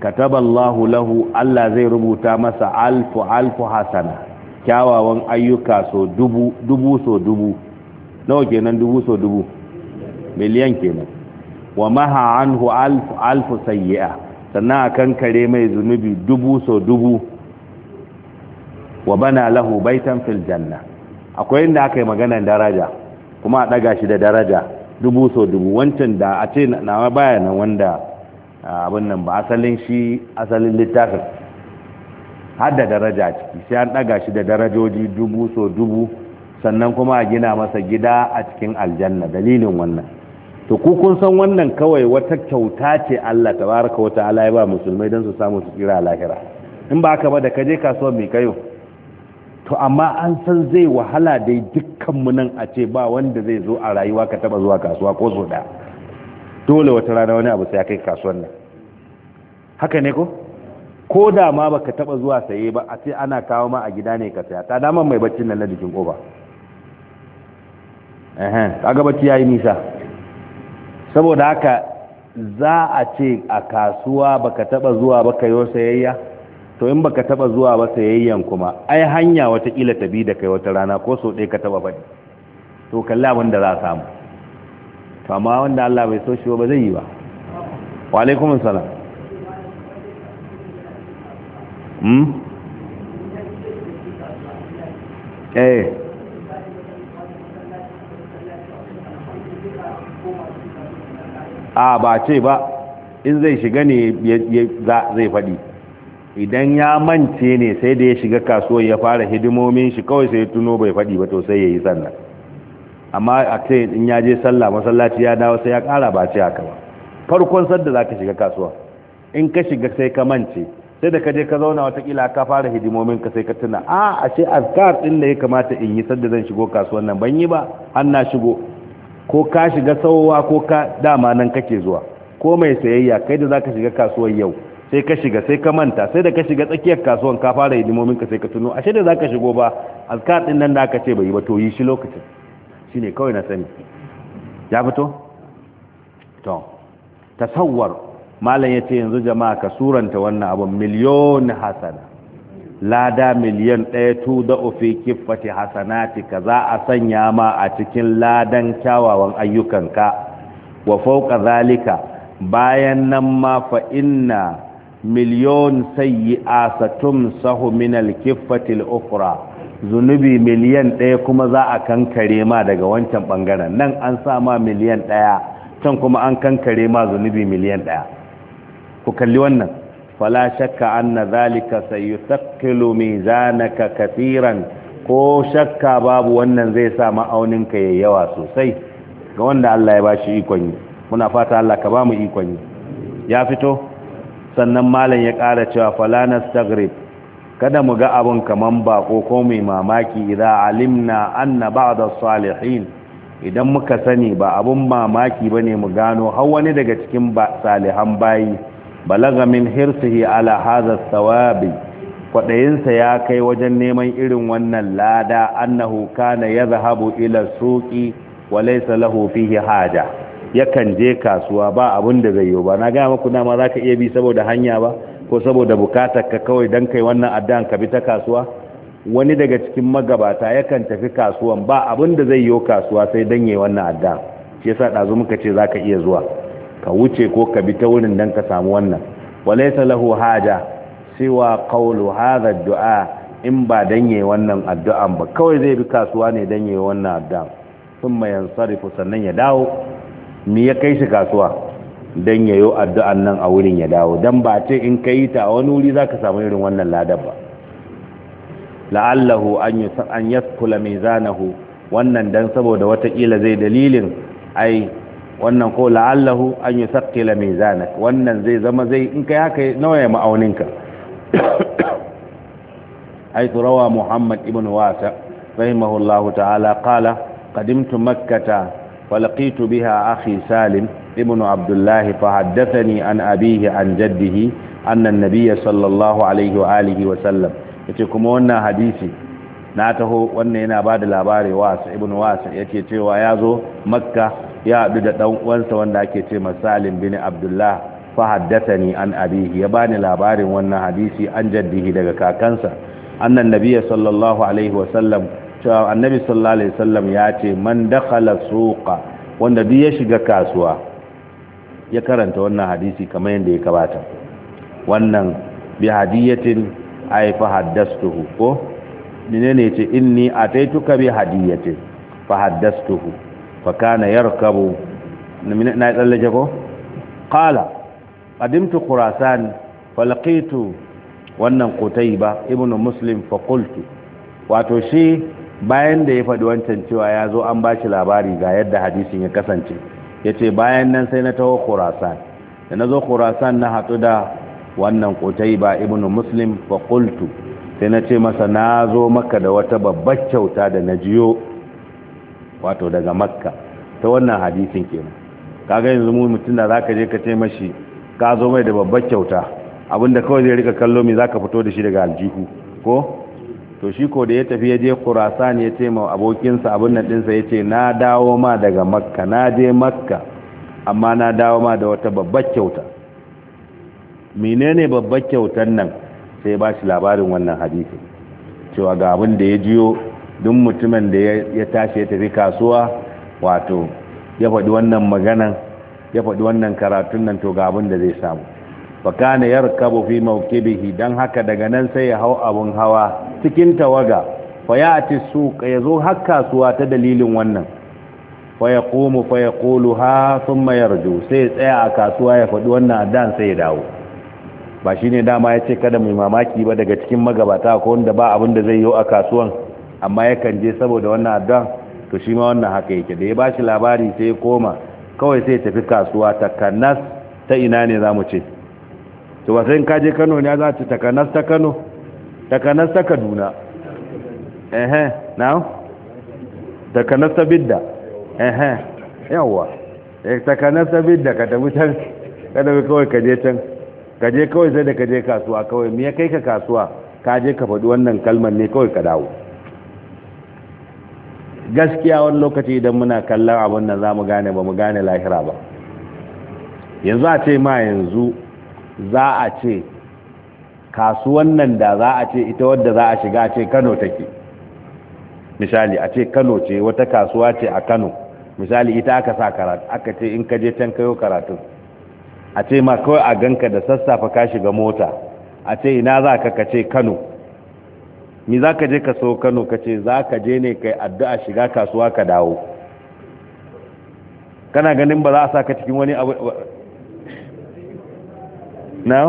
kataba Allah lahu Allah zai rubuta masa alfu alfu hasana kyawawan ayyuka so dubu dubu so dubu nawa kenan dubu so dubu miliyan kenan wa maha anhu alfu alfu sayyi'a sannan akan kare mai zunubi dubu so dubu wa bana lahu baitan fil janna akwai inda aka yi maganar daraja kuma a daga shi da daraja dubu so dubu wancan da a ce na baya nan wanda abin nan ba asalin shi asalin littafin har da daraja ciki sai an daga shi da darajoji dubu so dubu sannan kuma a gina masa gida a cikin aljanna dalilin wannan to ku kun san wannan kawai wata kyauta ce Allah tabaraka wa ta'ala ya ba musulmai dan su samu su tsira lahira in ba ka ba da kaje kasuwar mai kayo to amma an san zai wahala dai dukkan mu nan a ce ba wanda zai zo a rayuwa ka taba zuwa kasuwa ko so da dole wata rana wani abu sai ya kai kasuwar nan haka ne ko ko da ma baka taba zuwa saye ba a ce ana kawo ma a gida ne ka saya ta daman mai baccin nan na jikin koba kaga ya yi nisa saboda haka za a ce a kasuwa baka taba zuwa baka yi sayayya to in baka taba zuwa ba sayayyan kuma ai hanya wata kila ta bi da kai wata rana ko so ɗaya ka taba bari to kalli abin da za a samu to amma wanda Allah bai so shi ba zai yi ba wa alaikum salam hmm? eh a ba ce ba in zai shiga ne zai faɗi idan ya mance ne sai da ya shiga kasuwa ya fara hidimomin shi kawai sai tuno bai faɗi ba to sai ya yi sannan amma a ce in ya je sallah masallaci ya dawo sai ya ƙara ba ce haka ba farkon sadda za ka shiga kasuwa in ka shiga sai ka mance sai da ka je ka zauna watakila ka fara hidimomin ka sai ka tuna a ashe azkar din da ya kamata in yi sadda zan shigo kasuwan nan ban yi ba har na shigo ko ka shiga sauwa ko ka dama nan kake zuwa ko mai sayayya kai da zaka shiga kasuwar yau sai ka shiga sai ka manta sai da ka shiga tsakiyar kasuwar ka fara hidimomin ka sai ka tuno ashe da zaka shigo ba azkar din nan da aka ce bai ba to yi shi lokacin shine kawai na sani ya fito to tasawwar malam yace yanzu jama'a ka suranta wannan abun miliyon hasana lada miliyan ɗaya tu da ofe hasanati ka za a sanya ma a cikin ladan kyawawan ayyukanka wa fauka zalika bayan nan ma fa inna miliyon sayi asatun sahu min kifati ukra zunubi miliyan ɗaya kuma za a kankare ma daga wancan ɓangaren nan an sa ma miliyan ɗaya can kuma an kankare ma zunubi miliyan ɗaya ku kalli wannan fala shakka anna zalika sayusaqqilu mizanaka katiran ko shakka babu wannan zai sa ma'auninka yayi yawa sosai ga wanda Allah ya bashi ikon yi muna fata Allah ka bamu ikon yi ya fito sannan malam ya ƙara cewa fala nastagrib kada mu ga abun kaman bako ko mai mamaki idan alimna anna ba'da salihin idan muka sani ba abun mamaki bane mu gano har wani daga cikin salihan bayi balaga min hirsihi ala hadha thawabi kwadayinsa ya kai wajen neman irin wannan lada annahu kana yadhhabu ila suqi wa laysa lahu fihi haja yakan je kasuwa ba abun da zai yi ba na ga maku dama zaka iya bi saboda hanya ba ko saboda bukatar ka kawai dan kai wannan addan ka bi ta kasuwa wani daga cikin magabata yakan tafi kasuwan ba abun da zai yi kasuwa sai dan yayi wannan addan shi yasa dazu muka ce zaka iya zuwa ka wuce ko ka bi ta wurin dan ka samu wannan walaysa lahu haja siwa qawlu hadha ad-du'a in ba danye wannan addu'an ba kawai zai bi kasuwa ne danye wannan addu'an thumma yansarifu sannan ya dawo me ya kai shi kasuwa don yayo addu'an nan a wurin ya dawo don ba ce in ka yi ta a wani wuri za ka samu irin wannan ladar ba la'allahu an yaskula mai zanahu wannan don saboda watakila zai dalilin ai wannan ko la'allahu an yi saƙila mai zanak wannan zai zama zai in kai haka nawa ya ma'auninka haitu rawa muhammad ibn wasa rahimahullahu ta'ala kala kadimtu makkata falakitu biha akhi salim ibn Abdullahi. fa ni an abihi an jaddihi anna an sallallahu alaihi wa alihi wa sallam yace kuma wannan hadisi na taho wannan yana bada labari wasa ibn wasa yace cewa yazo makka ya haɗu da ɗan uwansa wanda ake ce Salim bin abdullah fa an abihi ya bani labarin wannan hadisi an jaddihi daga kakansa annan Nabiya sallallahu alaihi wa sallam cewa annabi sallallahu alaihi wa sallam ya ce man dakhala suqa wanda duk ya shiga kasuwa ya karanta wannan hadisi kamar yadda ya kabata wannan bi hadiyatin ay fa haddastuhu ko menene ce inni ataituka bi hadiyatin fa haddastuhu fakana yarkabu na tsallace ko kala qadimtu kurasan falaqitu wannan ba ibnu muslim fakultu wato shi bayan da ya faɗi wancan cewa ya zo an ba shi labari ga yadda hadisin ya kasance ya ce bayan nan sai na taho kurasan da na zo kurasan na haɗu da wannan ba ibnu muslim fakultu sai na ce masa na zo maka da wata babbar kyauta da na jiyo wato daga makka ta wannan hadisin kenan kaga yanzu mu mutum da zaka je ka ce mashi ka zo mai da babbar kyauta abinda kawai zai rika kallo mai zaka fito da shi daga aljihu ko to shi ko da ya tafi ya je kurasan ya ce ma abokinsa abin nan dinsa ya ce na dawo ma daga makka na je makka amma na dawo ma da wata babbar kyauta menene babbar kyautar nan sai ba shi labarin wannan hadisi cewa ga abin da ya jiyo duk mutumin da ya tashi ya tafi kasuwa wato ya faɗi wannan maganan ya faɗi wannan karatun nan to ga abin da zai samu fakana yarkabu fi mawkibihi dan haka daga nan sai ya hau abun hawa cikin tawaga fa ya'ti ya yazo har kasuwa ta dalilin wannan fa kolu fa sun mayar ju sai tsaya a kasuwa ya faɗi wannan dan sai ya dawo ba shine dama ya ce kada mai mamaki ba daga cikin magabata ko wanda ba abin da zai yi a kasuwan amma yakan je saboda wannan addu'a to shi ma wannan haka yake da ya bashi labari sai ya koma kawai sai ya tafi kasuwa takanas ta ina ne zamu ce to ba sai ka je Kano ne za ta takanas ta Kano takanas ta Kaduna ehe now takanas ta Bidda ehe yawa eh, takanas ta Bidda ka tafi can kada kawai ka je can ka je kawai sai da ka je kasuwa kawai me ya kai ka kasuwa ka je ka faɗi wannan kalmar ne kawai ka dawo gaskiya wani lokaci idan muna kallon abin nan za mu gane ba mu gane lahira ba yanzu a ce ma yanzu za a ce kasuwan nan da za a ce ita wadda za a shiga a ce kano take misali a ce kano ce wata kasuwa ce a kano misali ita aka sa karatu aka ce in ka je can kayo karatu a ce ma kawai a ganka da sassafa ka shiga mota a ce ina za ka kace kano mi za ka je ka so kano ka ce za ka je ne kai addu'a shiga kasuwa ka dawo kana ganin ba za a sa ka cikin wani abu na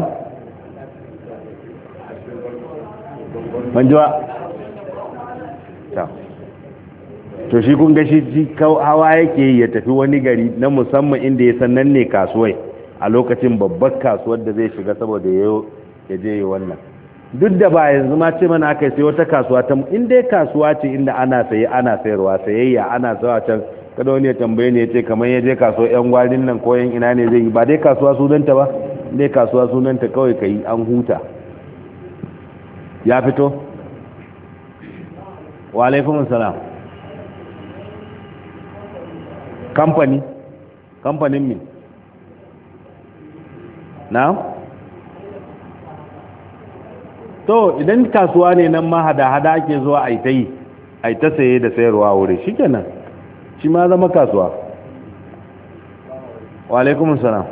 manjuwa to shi kun gashi ji hawa yake ya tafi wani gari na musamman inda ya san nan ne kasuwai a lokacin babbar kasuwar da zai shiga saboda ya je yi wannan duk da ba yanzu ma ce mana aka sai wata kasuwa ta in dai kasuwa ce inda ana saye ana sayarwa sayayya ana sawa can kada wani ya tambaye ne ya ce kamar ya je kasuwa yan gwarin nan ko yan ina ne zai yi ba dai kasuwa sunanta ba dai kasuwa sunanta kawai ka yi an huta ya fito wa alaikum salam kamfani kamfanin min na to idan kasuwa ne nan ma hada-hada ake zuwa a ta yi a ta saye da sayarwa wuri shi kenan shi ma zama kasuwa walaikun salam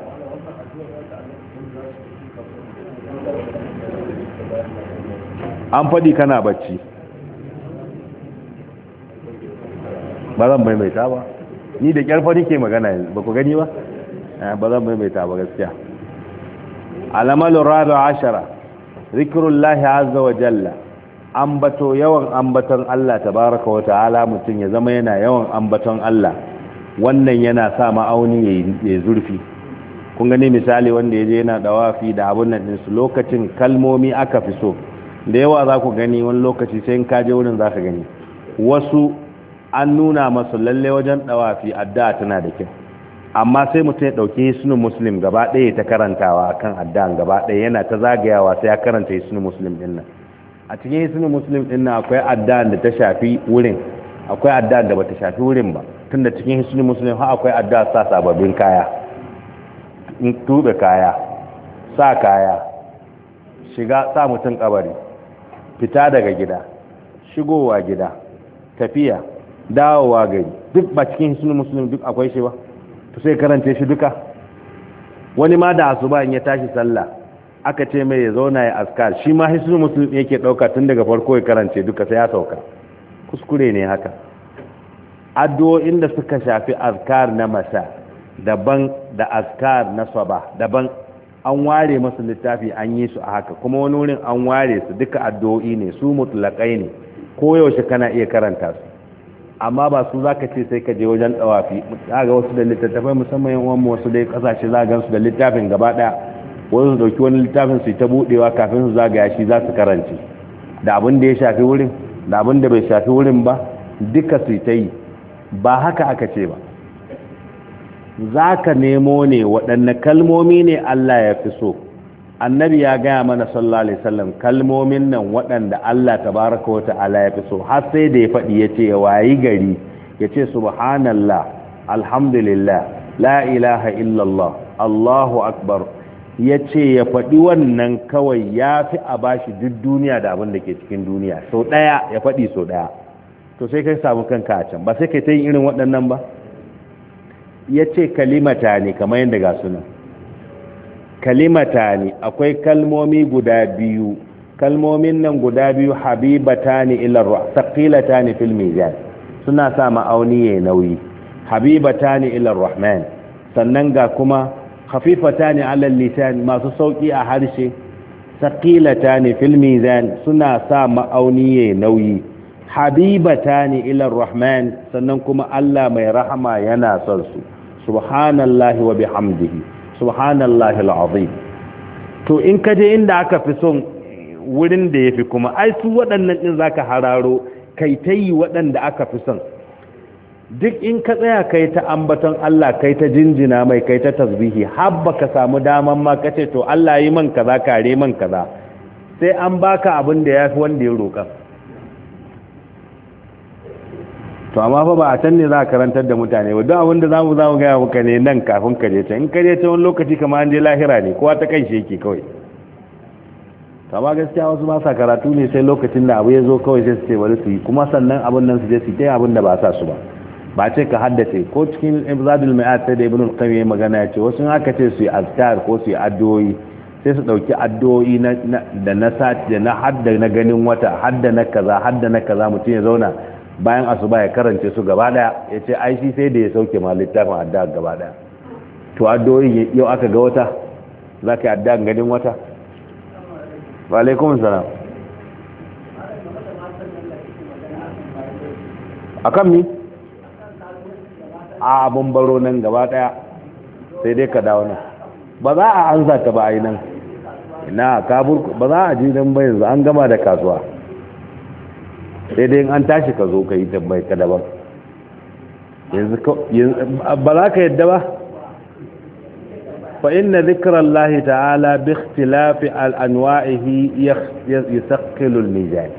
an faɗi kana bacci ba zan maimaita ba ni da kyarfa ke magana yanzu ba ku gani ba eh, ba zan maimaita ba gaskiya alamalin rada ashara zikrullahi azza wa jalla ambato yawan ambaton Allah tabaraka wa ta'ala mutum ya zama yana yawan ambaton Allah wannan yana sa ma'auni ya zurfi kun gani misali wanda ya je yana dawafi da abun nan su lokacin kalmomi aka fi so da yawa za ku gani wani lokaci sai in ka je wurin za ka gani wasu an nuna masu lalle wajen dawafi addu'a tana da kyau amma sai mutum ya ɗauki sunan muslim gaba ɗaya ta karantawa kan addan gaba ɗaya yana ta zagayawa sai ya karanta sunan muslim ɗin nan a cikin sunan muslim ɗin nan akwai addan da ta shafi wurin akwai addan da bata shafi wurin ba tun da cikin sunan muslim har akwai addan sa sababbin kaya in tube kaya sa kaya shiga sa mutum kabari fita daga gida shigowa gida tafiya dawowa gari duk ba cikin sunan muslim duk akwai shi ba to sai karanta shi duka wani ma da asuba in ya tashi sallah aka ce mai ya zauna ya askar shi ma hisu musulmi yake dauka tun daga farko ya karance duka sai ya sauka kuskure ne haka addu'o'in da suka shafi askar na masa daban da azkar na saba daban an ware musu littafi an yi su a haka kuma wani wurin an ware su duka addu'o'i ne su mutlaƙai ne koyaushe kana iya karanta su amma ba su za ka ce sai ka je wajen tsawafi za ga wasu da littattafai musamman yan uwan wasu dai kasashe za gan su da littafin gaba daya wasu su dauki wani littafin su ta buɗewa kafin su zagaya shi za su karance da abin da ya shafi wurin da abin da bai shafi wurin ba duka su ta yi ba haka aka ce ba za ka nemo ne waɗanne kalmomi ne Allah ya fi so annabi ya gaya mana sallallahu alaihi wasallam kalmomin nan waɗanda Allah tabaraka wa ta'ala ya fi so har sai da ya faɗi yace ce wayi gari yace ce subhanallah alhamdulillah la ilaha illallah allahu akbar yace ya faɗi wannan kawai ya fi a bashi duk duniya da abin da ke cikin duniya sau ɗaya ya faɗi sau ɗaya to sai kai samu kanka a can ba sai kai ta irin waɗannan ba yace kalimata ne kamar yadda ga sunan kalimata ne akwai kalmomi guda biyu kalmomin nan guda biyu habibata ne ilarwa saƙilata ne filmijan suna sa ma'auni ya nauyi habibata ne rahman sannan ga kuma hafifata ne alal lisan masu sauƙi a harshe saƙilata ne filmizan suna sa ma'auni ya nauyi habibata ne rahman sannan kuma allah mai rahama yana son su subhanallahi wa bihamdihi subhanallahi al'azim to in kaje inda aka fi son wurin da ya fi kuma ai su waɗannan ɗin zaka hararo kai ta yi waɗanda aka fi son duk in ka tsaya kai ta ambaton Allah kai ta jinjina mai kai ta tasbihi har ka samu daman ma kace to Allah yi man kaza kare man kaza sai an baka abin da yafi wanda ya roka to amma fa ba a can ne za a karantar da mutane ba duk abin da za mu za mu gaya maka ne nan kafin ka je can in ka je can wani lokaci kamar an je lahira ne kowa ta kan shi yake kawai kama gaskiya wasu ba sa karatu ne sai lokacin da abu ya zo kawai sai su ce bari su yi kuma sannan abin nan su je su yi abin da ba sa su ba ba ce ka haddace ko cikin ibzadul mai'at sai da ibn al-qayyim ya magana ya ce wasu aka ce su yi azkar ko su yi addu'o'i sai su dauki addu'o'i na da na sati da na hadda na ganin wata hadda na kaza hadda na kaza mutum ya zauna bayan asuba ya karance su gaba daya ya ce ai shi sai da ya sauke ma littafin addu'a gaba daya to addoyin yau aka ga wata za ka yi adda ganin wata wa alaikum salam kan ni a abun baro nan gaba daya sai dai ka dawo nan ba za a an za ta ba a yi nan na burku? ba za a ji nan bayan za an gama da kasuwa sai dai an tashi ka zo ka yi tambayi ka daban ba za ka yadda ba fa na zikirar lahi ta'ala bi tilafi al'anwa'ihi ya sakilul nijai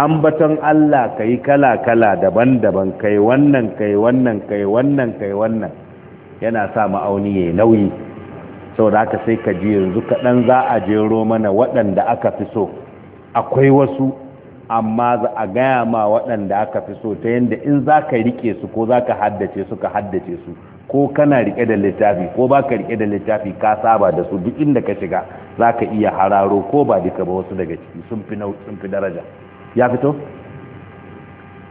ambaton Allah ka yi kala-kala daban-daban kai wannan kai wannan kai wannan kai wannan yana sa ma'auni ya nauyi sau da aka sai ka ji yanzu kaɗan za a jero mana waɗanda aka fi so akwai wasu amma za a gaya ma waɗanda aka fi so ta yadda in za ka rike su ko za ka haddace su ka haddace su ko kana rike da littafi ko ba ka rike da littafi ka saba da su duk inda ka shiga za ka iya hararo ko ba duka ba wasu daga ciki sun fi daraja ya fito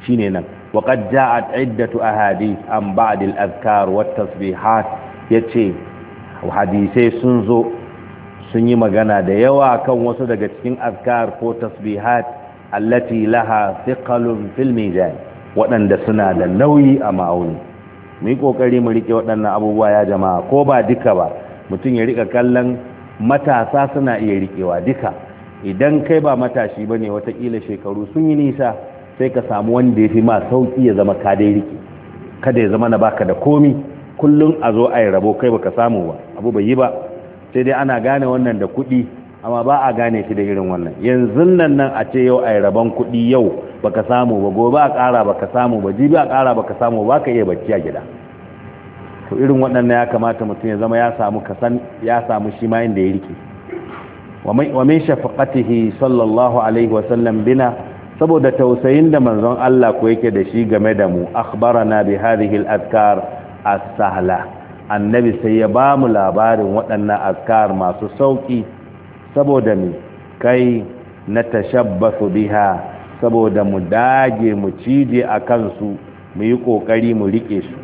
shi ne nan waƙad ja'at iddatu ahadith an ba'd al-azkar wa tasbihat yace hadisai sun zo sun yi magana da yawa kan wasu daga cikin azkar ko tasbihat allati laha thiqalun fil mizan waɗanda suna da nauyi a ma'auni mu yi kokari mu rike waɗannan abubuwa ya jama'a ko ba duka ba mutum ya rika kallon matasa suna iya rikewa duka idan kai ba matashi bane watakila shekaru sun yi nisa sai ka samu wanda ya fi ma sauki ya zama ka dai rike kada ya zama na baka da komi kullum a zo a yi rabo kai baka samu ba abu bai yi ba sai dai ana gane wannan da kuɗi amma ba a gane shi da irin wannan yanzu nan nan a ce yau yi rabon kuɗi yau baka samu ba gobe a ƙara baka samu ba jibi a ƙara baka samu ba ka iya bacci a gida to irin waɗannan ya kamata mutum ya zama ya samu kasan ya samu shi ma inda ya rike wa min shafaqatihi sallallahu alaihi wa sallam bina saboda tausayin da manzon Allah ko yake da shi game da mu akhbarana bi hadhihi al-azkar as-sahla annabi sai ya ba mu labarin waɗannan azkar masu sauki saboda mi kai na tashabbasu biha saboda mu dage mu cije a kansu mu yi ƙoƙari mu riƙe su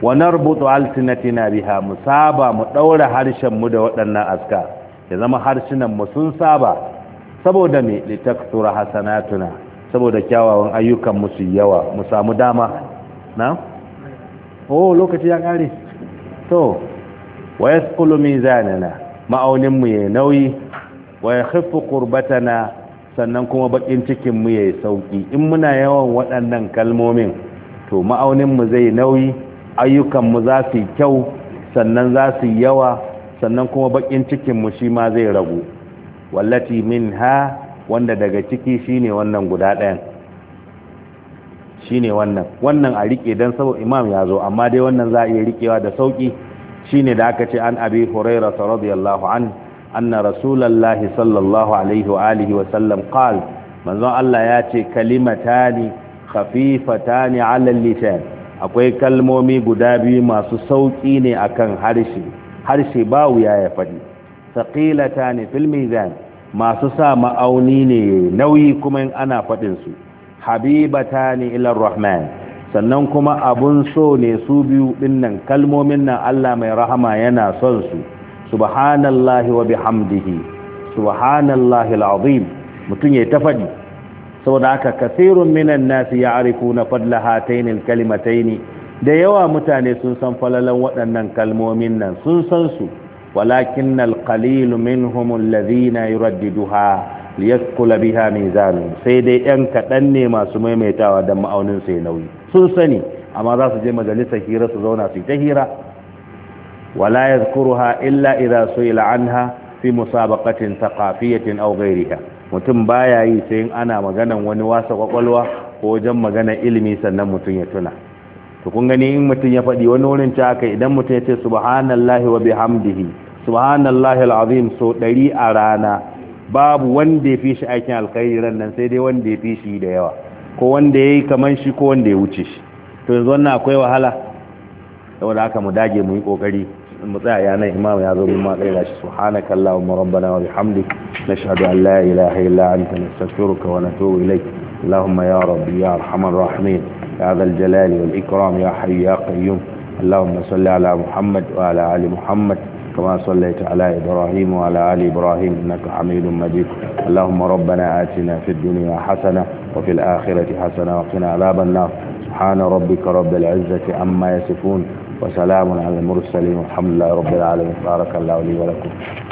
wa narbutu alsinatina biha mu saba mu ɗaura harshen mu da waɗannan aska ya zama harsunan mu sun saba saboda me litaktura hasanatuna saboda kyawawan ayyukan mu su yawa mu samu dama na oh lokaci ya kare to wa yasqulu mizanana ma'aunin mu yayi nauyi wa yakhaffu qurbatana sannan kuma bakin cikin mu yayi sauki in muna yawan waɗannan kalmomin to ma'aunin mu zai nauyi ayyukan mu za su kyau sannan za su yawa sannan kuma bakin cikin mu shi ma zai ragu wallati minha wanda daga ciki shine wannan guda ɗayan shine wannan wannan a rike dan saboda imam ya zo amma dai wannan za a iya rikewa da sauki shine da aka ce an abi huraira radiyallahu an anna rasulallahi sallallahu alaihi wa alihi wa sallam qal manzo Allah ya ce kalimatani khafifatani ala lisan akwai kalmomi guda biyu masu sauki ne akan harshe harshe ba wuya ya fadi thaqilatani fil mizan masu sa ma'auni ne nauyi kuma in ana fadin su habibatani ila rahman sannan kuma abun so ne su biyu dinnan kalmomin nan Allah mai rahama yana son su subhanallahi wa bihamdihi subhanallahi alazim mutun yayi tafadi saboda haka kaseerun minan nasi ya'rifuna fadla hatayn ne, da yawa mutane sun san falalan waɗannan kalmomin nan sun san su walakin alqalilu minhum alladhina yuraddiduha liyakula biha mizanun sai dai yan kaɗan ne masu maimaitawa da ma'aunin sai nauyi sun sani amma za su je majalisar hira su zauna su yi ta hira wala kuruha illa idza su'ila anha fi musabaqatin thaqafiyatin aw ghayriha mutum baya yi sai ana maganan wani wasa kwakwalwa ko wajen magana ilimi sannan mutum ya tuna to kun gani in mutum ya faɗi wani wurin ta idan mutum ya ce subhanallahi wa bihamdihi subhanallahi alazim so ɗari a rana babu wanda ya fi shi aikin alkhairi ran nan sai dai wanda ya fi shi da yawa ko wanda ya yi kamar shi ko wanda ya wuce shi to yanzu wannan akwai wahala da haka mu dage mu yi kokari mu tsaya ya nan imam ya zo mun ma kai gashi subhanaka allahumma rabbana wa bihamdik nashhadu an la ilaha illa anta nastaghfiruka wa natubu ilayk اللهم يا ربي يا ارحم الراحمين يا ذا الجلال والاكرام يا حي يا قيوم اللهم صل على محمد وعلى ال محمد كما صليت على إبراهيم وعلى آل إبراهيم إنك حميد مجيد اللهم ربنا آتنا في الدنيا حسنة وفي الآخرة حسنة وقنا عذاب النار سبحان ربك رب العزة عما يصفون وسلام على المرسلين والحمد لله رب العالمين بارك الله لي ولكم